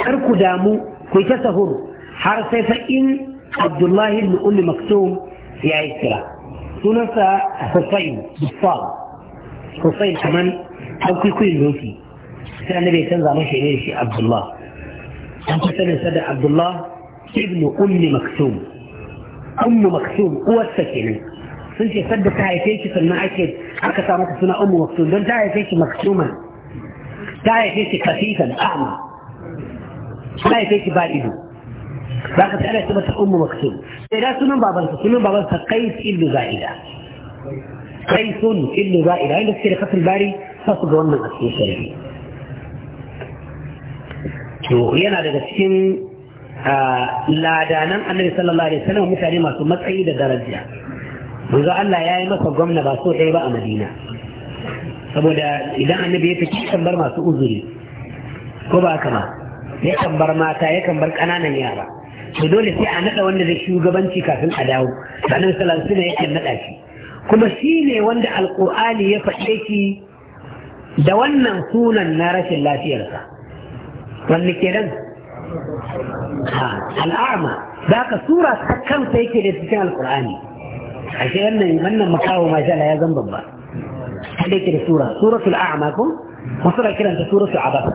Speaker 1: kar ku damu ku yi ta sahur har sai fa in abdullahi ibn ummi maktum ya yi kira sunansa husayn bisal husayn kaman dan kwaikwayon doki sai annabi ya canza mashi ne shi abdullahi أن تسلم سيد عبد الله ابن أم مكسوم أم مكسوم هو السكن سنتي سد تعيشي في المعاكد حكا تعمل سنة أم مكسوم دون تعيشي مكسوما تعيشي خفيفا أعمى تعيشي بارئه باقت أنا سبت أم مكسوم إلا سنن بابا سنن بابا فقيس إلا زائدة قيس إلا زائدة عند السيرة خط الباري فصدوا من أسنى شريفين to yana daga cikin ladanan annabi sallallahu alaihi wasallam mutane masu matsayi da daraja yanzu Allah ya yi masa gwamna ba so ɗaya ba a Madina saboda idan annabi ya tafi kan bar masu uzuri ko ba kama ya kan bar mata ya kan bar ƙananan yara to dole sai a naɗa wanda zai shugabanci kafin a dawo sanin salansu ne yake naɗa shi kuma shi ne wanda alƙur'ani ya faɗe shi da wannan sunan na rashin lafiyarsa wanne kenan al'ama da ka sura ta kanta yake da cikin alkur'ani a ce wannan wannan makawo ma shala ya zan babba kada yake da sura suratul a'ma ko wasu kiran ta suratul abasa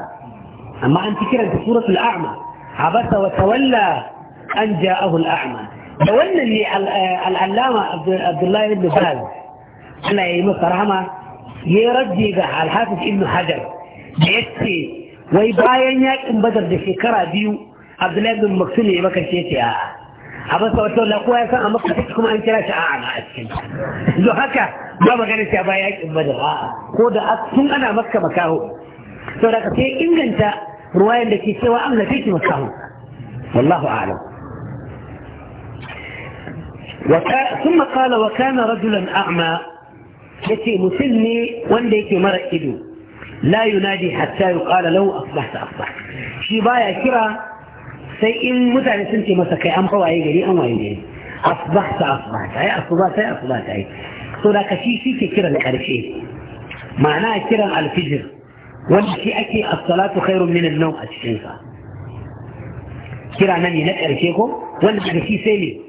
Speaker 1: amma an kiran ta suratul a'ma abasa wa tawalla an ja'ahu al'a'ma da wannan ne al'allama abdullahi ibn baz ana yi masa rahama ya raddi ga al-hafiz ibn hajar da yake wai bayan yakin badar da shekara biyu abdullahi bin maktum ya maka ce ce a ba sa wata lakuwa ya san a maka ta kuma an kira shi a'a a cikin don haka ba magana ce a bayan yakin badar a'a ko da sun ana maka makaho saboda ka sai inganta ruwayan da ke cewa amna gafe ki makaho wallahu a'lam ثم قال وكان رجلا أعمى يتي مسلمي وان ديكي mara ido. لا ينادي حتى يقال له أصبحت أصبحت شي بايا كرا سي إن متعني سنتي مسكي أم هو أي جري أم أي جري أصبحت أصبحت أي أصبحت أي أصبحت أي صورة كشي شي كرا لكارشي معناه كرا الفجر والشي أكي الصلاة خير من النوم أشكينها كرا نمي لكارشيكم ولا كشي سيلي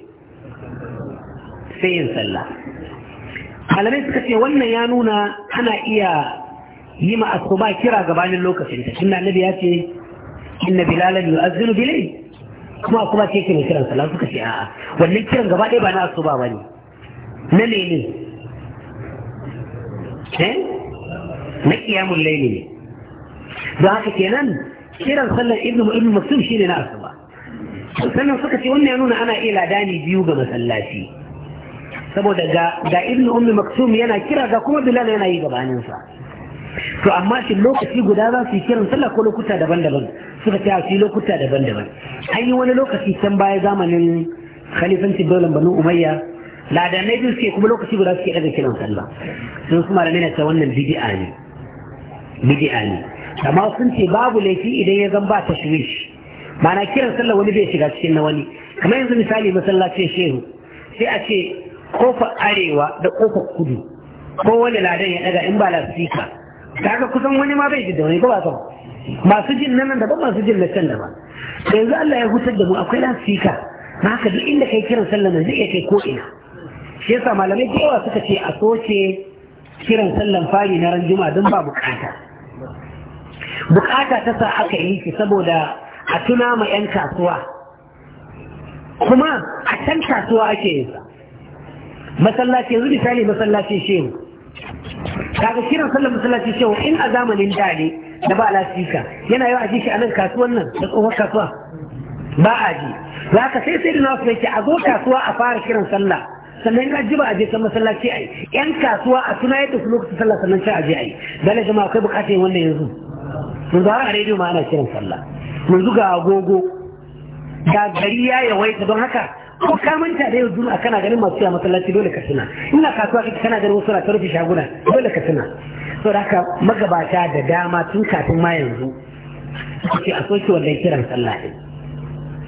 Speaker 1: سيين سلا على suka ce وانا يانونا انا ايا yi ma asuba kira gabanin lokacin ta tunda nabi ya ce inna bilalan yu'azzinu bilayl kuma asuba ce ke kiran sallah suka ce a'a wannan kiran gaba ɗaya ba na asuba bane na ne ne eh na qiyamul layli ne don haka kenan kiran sallar ibnu ibnu muslim shine na asuba sannan suka ce wannan ya nuna ana iya ladani biyu ga masallaci saboda ga ibnu ummi maktum yana kira ga kuma bilal yana yi gabaninsa to amma shi lokaci guda za su yi kiran sallah ko lokuta daban-daban suka ce a su yi lokuta daban-daban an yi wani lokaci can baya zamanin khalifancin daular banu umayya ladanai biyu suke kuma lokaci guda suke daga kiran sallah sun kuma da nuna wannan bid'a ne amma sun ce babu laifi idan ya zan ba tashwish mana kiran sallah wani bai shiga cikin na wani kamar yanzu misali masallacin shehu sai a ce kofa arewa da kofa kudu ko wani ladan ya daga in ba lasika kaga kusan wani ma bai jidda wani ko ba ka masu jin nan da ba masu jin na can da ba yanzu Allah ya hutar da mu akwai lan sika na haka duk inda kai kiran sallah nan zai iya kai ko ina shi yasa malamai da yawa suka ce a soce kiran sallan fari na ran juma'a don ba bukata bukata ta sa aka yi shi saboda a tuna ma yan kasuwa kuma a can kasuwa ake yin sa masallaci yanzu misali masallacin shehu kaga kiran sallar masallaci cewa in a zamanin da ne da ba lasika yana yawa ji shi a kasuwan nan da tsohon kasuwa ba a ji za ka sai sai da nasu yake a zo kasuwa a fara kiran sallah sannan ya ji ba a je kan masallaci a yi yan kasuwa a tuna yadda su lokacin sallah sannan ci a je a yi dole jama'a akwai bukatar yin wannan yanzu Mun har a rediyo ma ana kiran sallah mun zuga agogo da gari ya yawaita don haka ko ka ta da yau juma'a kana ganin masu yawa masallaci dole ka suna. ina kasuwa ita kana ganin wasu na shaguna dole ka tuna saboda haka magabata da dama tun kafin ma yanzu suke a soke wannan kiran sallah din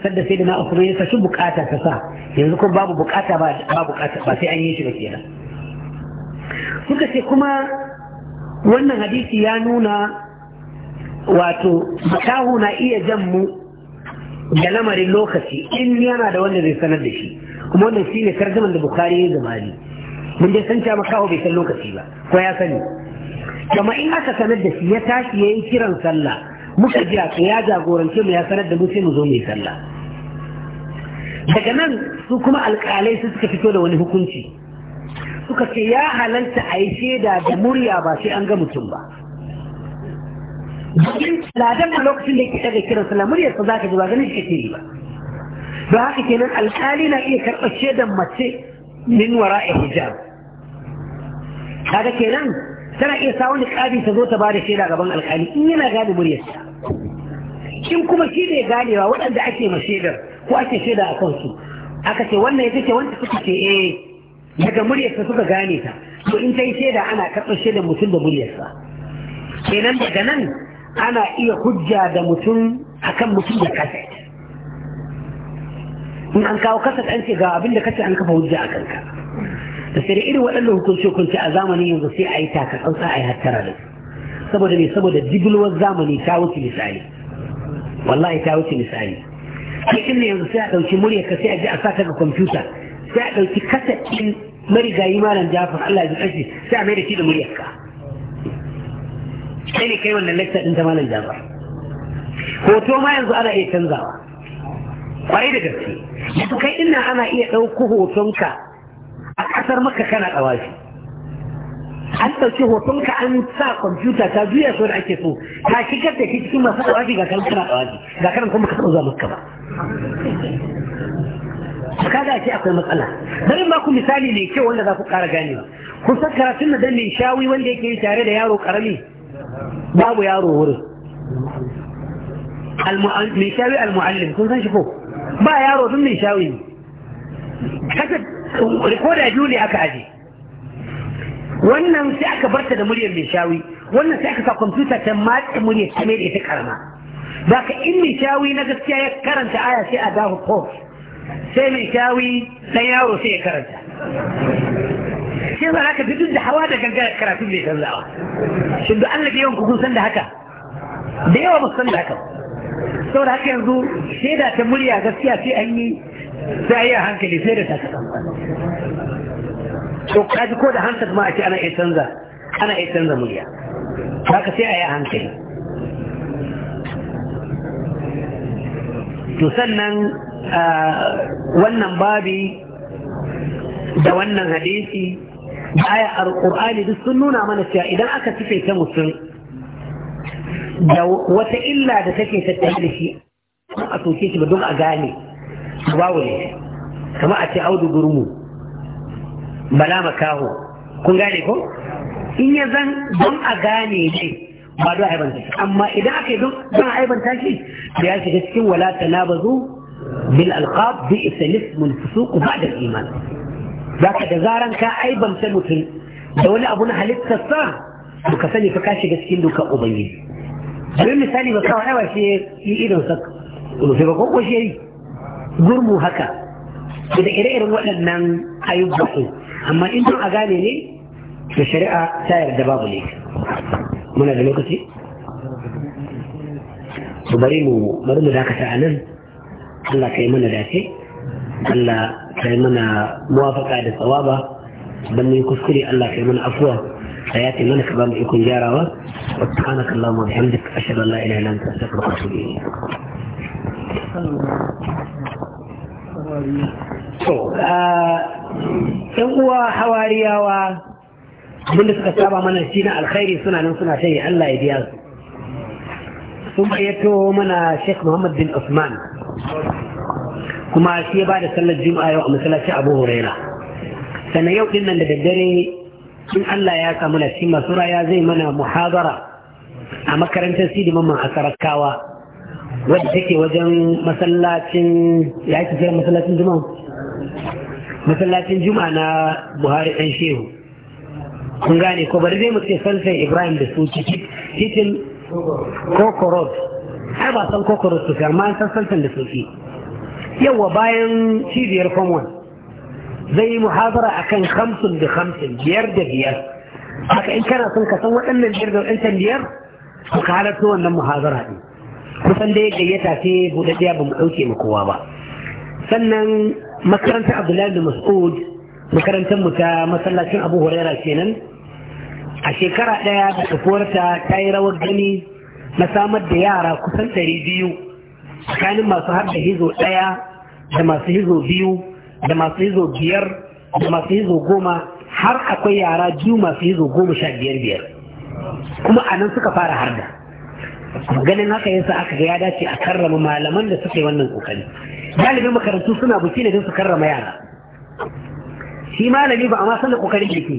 Speaker 1: sadda sai da na akwai ya sashi bukata ta sa yanzu ko babu bukata ba ba bukata ba sai an yi shi ba kenan suka ce kuma wannan hadisi ya nuna wato makahu na iya jan mu da lamarin lokaci in yana da wanda zai sanar da shi kuma wannan shi ne tarjaman da bukari ya zamani mun dai san cewa makaho bai san lokaci ba ko ya sani kuma in aka sanar da shi ya tashi ya yi kiran sallah muka ji a ya jagorance mu ya sanar da mu sai mu zo mu yi sallah daga nan su kuma alƙalai su suka fito da wani hukunci suka ce ya halalta a yi shaida da murya ba sai an ga mutum ba domin ladan a lokacin da yake daga kiran sallah muryar sa ji ba ganin shi ba don haka kenan alƙali na iya karɓar mace min kenan tana iya sa wani ta zo ta bada gaban alƙali in yana gane kuma shi ne ganewa waɗanda ake ma shaidar ko ake shaida a kansu aka ce wannan yake ce wanda suka ce eh daga muryarsa suka gane ta to in ta yi shaida ana karɓar shaidar mutum da muryarsa kenan daga nan ana iya hujja da mutum a kan mutum da kasa in an kawo kasa an ce ga abin da an kafa hujja a kanka da sai da irin waɗannan hukunci hukunci a zamanin yanzu sai a yi taka tsantsa a yi hattara da saboda me saboda jibilwar zamani ta wuce misali wallahi ta wuce misali cikin ne yanzu sai a ɗauki murya ka sai a ji a saka ga kwamfuta sai a ɗauki kasa ɗin marigayi malam jafar Allah ya ji ƙarfi sai a mai da shi da muryarka sai ne kai wannan lecture din ta malam jafar hoto ma yanzu ana iya canzawa kwarai da gaske yanzu kai ina ana iya ɗauko hotonka a ƙasar maka kana ɗawashi an ɗauki hotonka an sa kwamfuta ta juya so da ake so ta shigar da ke cikin masu ɗawashi ga karan kana ɗawashi ga karan kuma ka zuwa maka ba ga ce akwai matsala bari ba ku misali mai kyau wanda za ku ƙara ganewa kun san karatun da dan shawi wanda yake yi tare da yaro ƙarami babu yaro wurin mai shawi al-mu'allim kun san shi ko ba yaro sun mai shawi kasa rikoda juli aka aje wannan sai aka barta da muryar mai shawi wannan sai aka sa kwamfuta ta matsa muryar ta mai ita karama ba ka in mai shawi na gaskiya ya karanta aya sai a dawo ko sai mai shawi dan yaro sai ya karanta shi yasa zaka duk da hawa da gangara karatu bai canzawa shin duk Allah yawan ku san da haka da yawa ba san da haka da haka yanzu da ta murya gaskiya sai an yi sai a hankali sai da ta taka to kaji ko da hantar ma a ce ana iya canza ana iya canza murya haka sai a yi hankali to sannan ah, wannan babi da wannan hadisi aya alƙur'ani duk sun nuna mana cewa idan aka cife ta mutum da wata illa da take tattare da shi a soke shi ba don a gane babu ne kama a ce audu gurmu bala makaho kun gane ko in ya zan don a gane ne ba don aibanta shi amma idan aka yi don aibanta shi da ya shiga cikin wala ta nabazu bil alqab bi isalismul fusuq ba'da al iman za ka da zaran ka aibanta mutum da wani abu na sa to ka sani fa ka shiga cikin dukan ubangiji abin misali ba kawai yawa shi yi idon sa rufe ba ko shi gurmu haka da ire-iren waɗannan ayyuka amma in don a gane ne da shari'a ta yarda babu ne muna da lokaci bari mu bari mu dakata a nan Allah ka yi mana dace Allah kai mana muwafaka da tsawaba dan mun kuskure Allah kai mana afuwa hayati mana ka ba mu ikon gyarawa wa subhanaka allahumma bihamdika ashhadu an la ilaha illa anta astaghfiruka wa atubu ilayk to yan uwa hawariyawa abin da suka saba mana shi na alkhairi suna nan suna tayi Allah ya biya su sun bayyato mana Sheikh Muhammad bin Usman kuma shi ya ba da sallar juma'a yau a masallacin abu huraira sannan yau din nan da daddare in Allah ya samu na cikin masu zai mana muhazara a makarantar sidi mamman a sarakawa wadda take wajen masallacin ya ake kira masallacin juma'a masallacin juma'a na buhari ɗan shehu kun gane ko bari zai mu ce sansan ibrahim da su titin kokorot har ba san kokorot su amma an san sansan da su yawa bayan cibiyar common zai yi muhazara a kan hamsin da hamsin biyar da biyar haka in kana son ka san waɗannan biyar da waɗancan biyar su ka halarta wannan muhazara ne. kusan dai gayyata ce ɗaya ba mu ɗauke mu kowa ba sannan makarantar abdullahi da mas'ud makarantar mu ta masallacin abu huraira kenan a shekara ɗaya da kafuwarta ta yi rawar gani na samar da yara kusan ɗari biyu tsakanin masu haɗa hizo ɗaya da masu hizo biyu da masu hizo biyar da masu hizo goma har akwai yara biyu masu hizo goma sha biyar biyar kuma a nan suka fara harda ganin haka yasa aka ga ya dace a karrama malaman da suka yi wannan kokari galibin makarantu suna buci ne don su karrama yara shi malami ba a ma kokarin da ke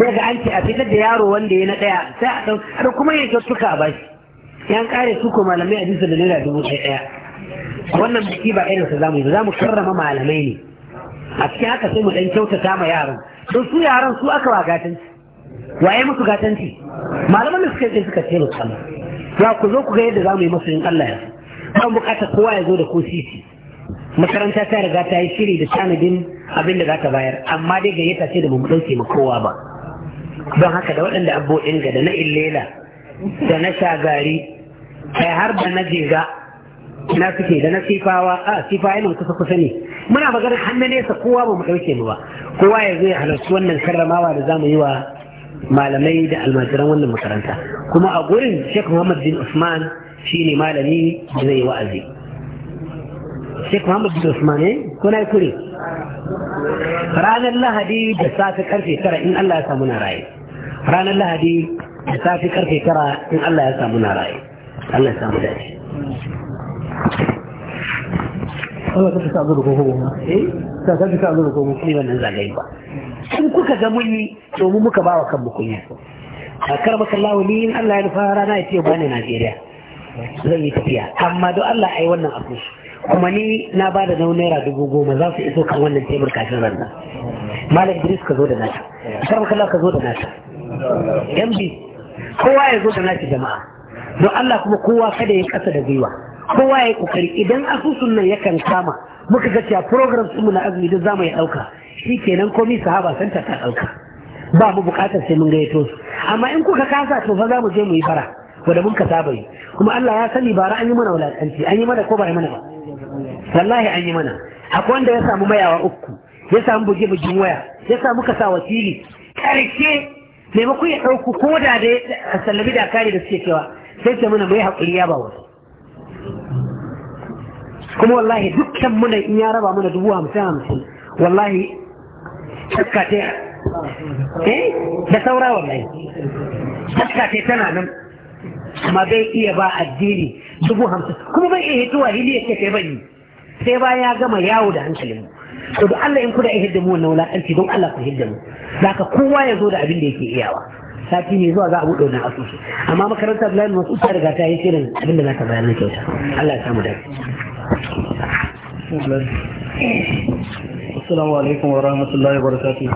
Speaker 1: sai ga an ce a fitar da yaro wanda ya na daya sai a ɗauka kuma ya suka a bashi yan kare su ko malamai a jinsa da naira dubu ɗaya wannan biki ba irinsa za mu yi za mu karrama malamai ne a cikin haka sai mu ɗan kyautata ma yaran don su yaran su aka wa gatanci waye musu gatanci malaman da suka ce suka ce musu Allah ya ku zo ku ga yadda za mu yi masu yin Allah ya mu bukata kowa ya zo da ko sisi makaranta ta riga ta yi shiri da tanadin abin da za ta bayar amma dai gayyata ce da mu dauke ma kowa ba don haka da waɗanda abubuwan ga da na illela da na shagari kai har da na jega ina suke da na sifawa a sifa yana kusa kusa ne muna magana hannu nesa kowa ba mu ɗauke mu ba kowa ya zo ya halarci wannan karramawa da zamu yi wa malamai da almajiran wannan makaranta kuma a gurin Sheikh Muhammad bin Usman shine malami da zai wa'azi Sheikh Muhammad bin Usman ne eh? ko na kure ranar Lahadi da safe karfe tara in Allah ya samu na raye ranar Lahadi da safe karfe tara in Allah ya samu na raye Allah ya samu dace Allah ka fita zuwa gobe ma eh ta ka fita zuwa gobe kuma eh? wannan zagaye ba in kuka ga muni yi to mu muka bawa kanmu kunya a karbaka Allah ni in Allah ya nufa rana ya ce bani Najeriya zan yi tafiya amma don Allah ai wannan abu kuma ni na ba da naira dubu goma za su iso kan wannan tebur kafin ranar malam Idris ka zo da nata karbaka Allah ka zo da nata MB kowa ya zo da nata jama'a don Allah kuma kowa kada ya kasa da gwiwa kowa ya yi kokari idan asusun nan yakan kama muka ga cewa program mu na azumi duk zamu ya dauka shi kenan komai sahaba santa ta dauka ba mu bukatar sai mun gayyato su amma in kuka kasa to fa zamu je mu yi fara wanda mun ka saba kuma Allah ya sani bara an yi mana wulakanci an yi mana ko ba yi mana ba wallahi an yi mana akwai wanda ya samu mayawa uku ya samu buge bugen waya ya samu kasa wakili karshe maimakon ya ɗauku ko da da sallabi da kare da suke cewa sai ce mana mai hakuri ya ba wasu kuma wallahi dukkan muna in ya raba mana dubu hamsin hamsin wallahi shakka ce eh da saura wallahi shakka ce tana nan amma bai iya ba addini dubu hamsin kuma bai iya hituwa hili yake ce sai ban yi sai ba ya gama yawo da hankalin mu to da Allah in kuda ihidda mu wannan wulaƙanci don Allah ku hidda mu zaka kowa ya zo da abin da yake iyawa sati ne zuwa za a buɗe wannan asusu amma makaranta Abdullahi masu ta riga ta yi shirin abin da za ta bayar na kyauta Allah ya samu dafi. Assalamu alaikum wa rahmatullahi wa barakatuh.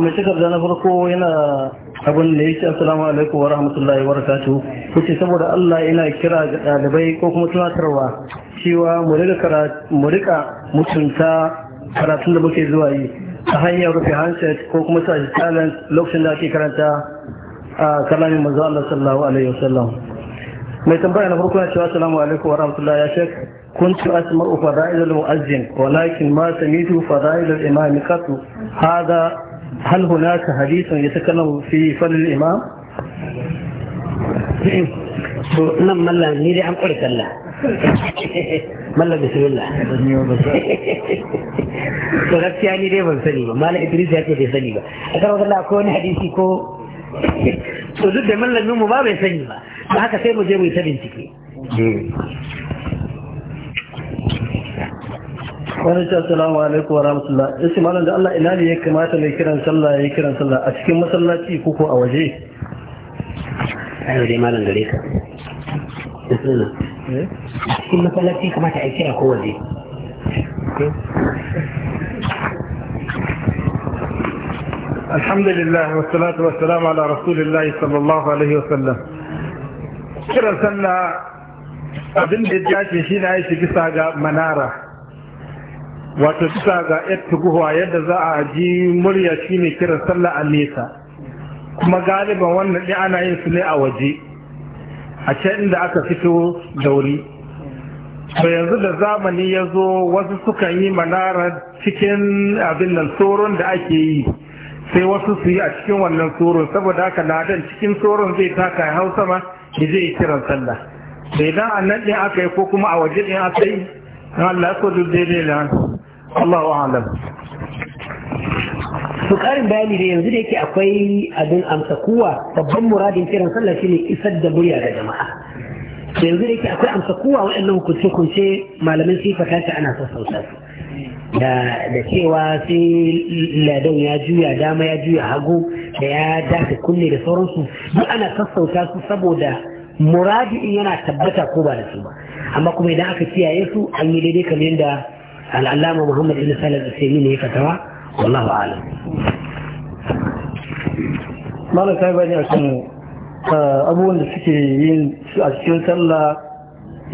Speaker 1: Mai cikar
Speaker 4: da na farko yana abin da ya ce assalamu alaikum wa rahmatullahi wa barakatuh kuce saboda Allah ina kira ga dalibai ko kuma tunatarwa cewa mu rika mutunta karatun da muke zuwa yi a hanyar rufe handset ko kuma sa shi silent lokacin da ake karanta a kalamin manzo Allah sallallahu alaihi wa sallam. mai tambaya na farko na cewa assalamu alaikum wa rahmatullahi ya shek kun ci asmar fadailul muazzin walakin ma samitu fadailul imam qatu hada hal hunaka
Speaker 1: hadithun yatakallamu fi fadl imam to nan mallam ni dai an kwari sallah mallam bismillah to gaskiya ni dai ban sani ba mallam idris ya ce bai sani ba a kan wasu ko wani hadisi ko to duk da mallamin mu ba bai sani ba ba haka sai mu je mu yi ta bincike
Speaker 4: wani ce assalamu alaikum wa rahmatullah ya ce malam da Allah ina ne ya kamata mai kiran sallah ya kiran
Speaker 1: sallah a cikin masallaci ko ko a waje ayo dai malam gare ka a cikin masallaci kamata a yi kira ko waje
Speaker 2: الحمد لله والصلاة والسلام على رسول الله صلى الله عليه وسلم kiran sallah abin da ya ce shi na shi bisa ga manara wato bisa ga yadda guhuwa yadda za a ji murya shi ne kiran sallah a nesa kuma galiban wannan ɗin ana yin su ne a waje a can inda aka fito da wuri to yanzu da zamani ya zo wasu sukan yi manara cikin abin nan tsoron da ake yi sai wasu su yi a cikin wannan tsoron saboda haka nadan cikin tsoron zai taka ya hau sama ya zai kiran sallah da idan a nan ɗin aka yi ko kuma a waje ɗin aka yi Allah ya so duk daidai da Allah wa
Speaker 1: su karin bayani da yanzu da yake akwai abin amsa kuwa babban muradin kiran sallah shine isar da murya ga jama'a yanzu da yake akwai amsa kuwa waɗannan hukunce kunce malamin sifa ta ana sassauta su da cewa sai Ladau ya juya dama ya juya hagu da ya dace kunne da sauransu duk ana sassauta su saboda muradi in yana tabbata ko ba da su ba amma kuma idan aka kiyaye su an yi daidai kamar yadda al'allama muhammad ibn salih da usaimi ne ya fatawa wallahu alam malam sai bani a kan uh, abubuwan da suke yi
Speaker 4: a cikin sallah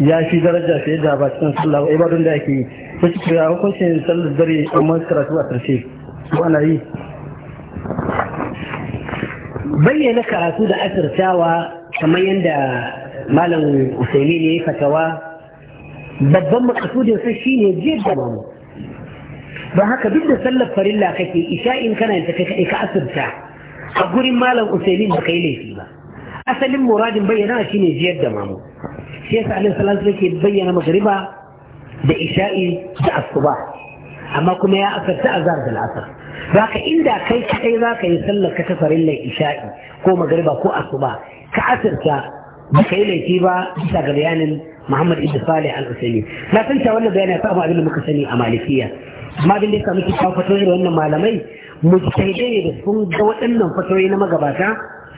Speaker 4: ya fi daraja fiye da ba cikin sallah ba ibadun da ake yi ta
Speaker 1: cikin ya hukuncin sallar dare amma karatu a ƙarshe ko ana yi bayyana karatu da asirtawa kamar yadda malam usaimi ne fatawa babban makasudin sa shine jiyar da mamu don haka duk da sallar farilla kake isha in kana yin take kai ka asirta a gurin malam usaimin ba kai laifi ba asalin muradin bayyana shi ne jiyar da mamu shi yasa alaihi salatu yake bayyana magriba da isha'i da asuba amma kuma ya asarta azhar da asar za ka inda kai kai za ka yi sallar ka ta farilla isha'i ko magriba ko asuba ka asirta ba kai laifi ba bisa ga bayanin محمد ابن صالح الحسيني usaimi تنسى ولا بيان يا ابو عبد المكسني امالكيه amma abin da ya samu cikin fatoyi da wannan malamai mujtahide daidai da sun ga waɗannan fatoyi na magabata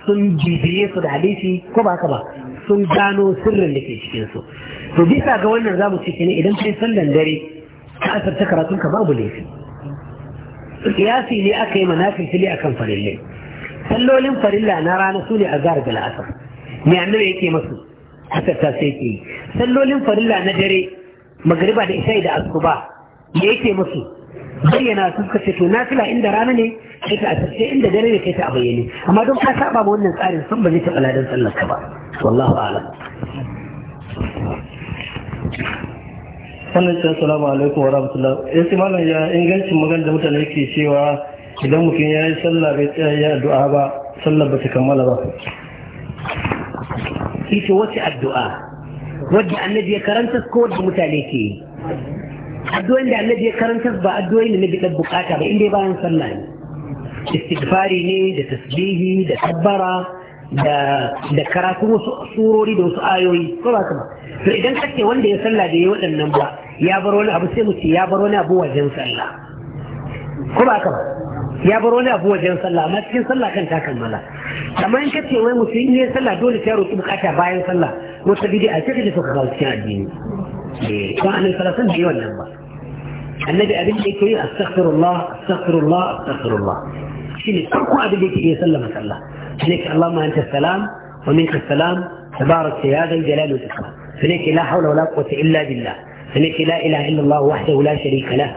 Speaker 1: sun bibiye su da hadisi ko ba haka ba sun gano sirrin da ke cikin su to bisa ga wannan zamu mu ne idan san sallan dare ka asarta karatun ka babu laifi kiyasi ne aka yi manafin fili kan farille sallolin farilla na rana su ne azhar da la'asar me annabi yake masu asarta sai ke yi? sallolin farilla na dare magariba da isa'i da asuba me yake musu bayyana sun kace to nafila inda rana ne kai ta asirce inda dare ne kai ta a bayyane amma don ka saba ma wannan tsarin sun ba zai taɓa ladan sallar ka ba wallahu a'lam sannan sai salamu alaikum wa
Speaker 4: rahmatullah in eh, su malam ya ingancin magana da mutane ke cewa idan mutum ya yi sallah bai tsaya
Speaker 1: ya addu'a ba sallar ba ta kammala ba ita wace addu'a wadda annabi ya karanta ko wadda mutane ke
Speaker 3: yi
Speaker 1: addu'an da Allah ya karanta ba addu'o'in da na dan bukata ba inda bayan sallah ne istighfari ne da tasbihi da tabbara da da karatu wasu surori da wasu ayoyi ko ba kama to idan kake wanda ya sallah da yi waɗannan ba ya bar wani abu sai mu ce ya bar wani abu wajen sallah ko ba kama ya bar wani abu wajen sallah amma cikin sallah kan ta kammala amma in kace wai mutum in yayi sallah dole ta roki bukata bayan sallah wata a ce da suka kawo cikin addini eh a nan salasan da yawan nan ba النبي قابل لي كل استغفر الله استغفر الله استغفر الله شنو كل واحد بيجي يسلم على الله عليك اللهم انت السلام ومنك السلام تبارك يا ذا الجلال والاكرام فليك لا حول ولا قوه الا بالله فليك لا اله الا الله وحده لا شريك له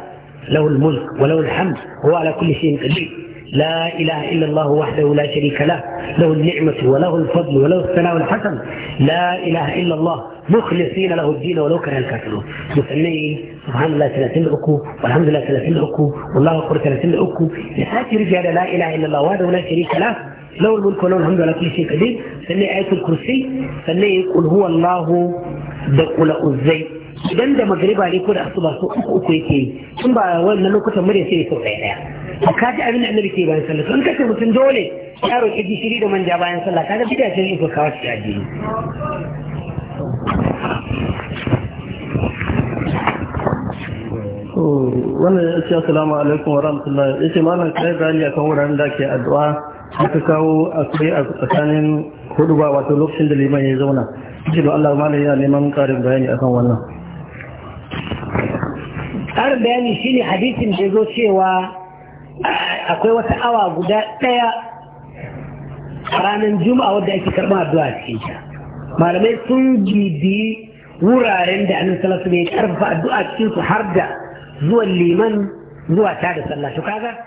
Speaker 1: له الملك وله الحمد هو على كل شيء قدير لا إله إلا الله وحده لا شريك له له النعمة وله الفضل وله الثناء الحسن لا إله إلا الله مخلصين له الدين ولو كره الكافرون مسلمين سبحان الله 30 أكو والحمد لله 30 أكو والله أكبر 30 أكو لحاجة رجال لا إله إلا الله وحده لا شريك له له الملك وله الحمد لله كل شيء قدير سميه آية الكرسي سميه قل هو الله دقل الزيت idan da magariba ne ko da asuba so uku uku yake yi tun ba wannan lokutan mure sai sau ɗaya ɗaya to ka ji abin da annabi ke bayan sallah sun kace mutum dole yaro ke ji shiri da manja bayan sallah kaga bid'a ce ne ko kawo shi addini
Speaker 4: wannan ya ce assalamu alaikum wa rahmatullah ya ce malam kai bayani akan wuraren da ke addu'a aka kawo akwai a tsakanin hudu ba wato lokacin da liman ya zauna ce da Allah malam yana neman karin bayani akan wannan
Speaker 1: har bayani shi ne hadisin da zo cewa akwai wata awa guda ɗaya a ranar juma'a wadda ake karɓar addu'a cikin ta malamai sun gidi wuraren da annabi sallallahu alaihi wasallam ya karfafa addu'a cikin su har da zuwan liman zuwa ta da sallah to kaga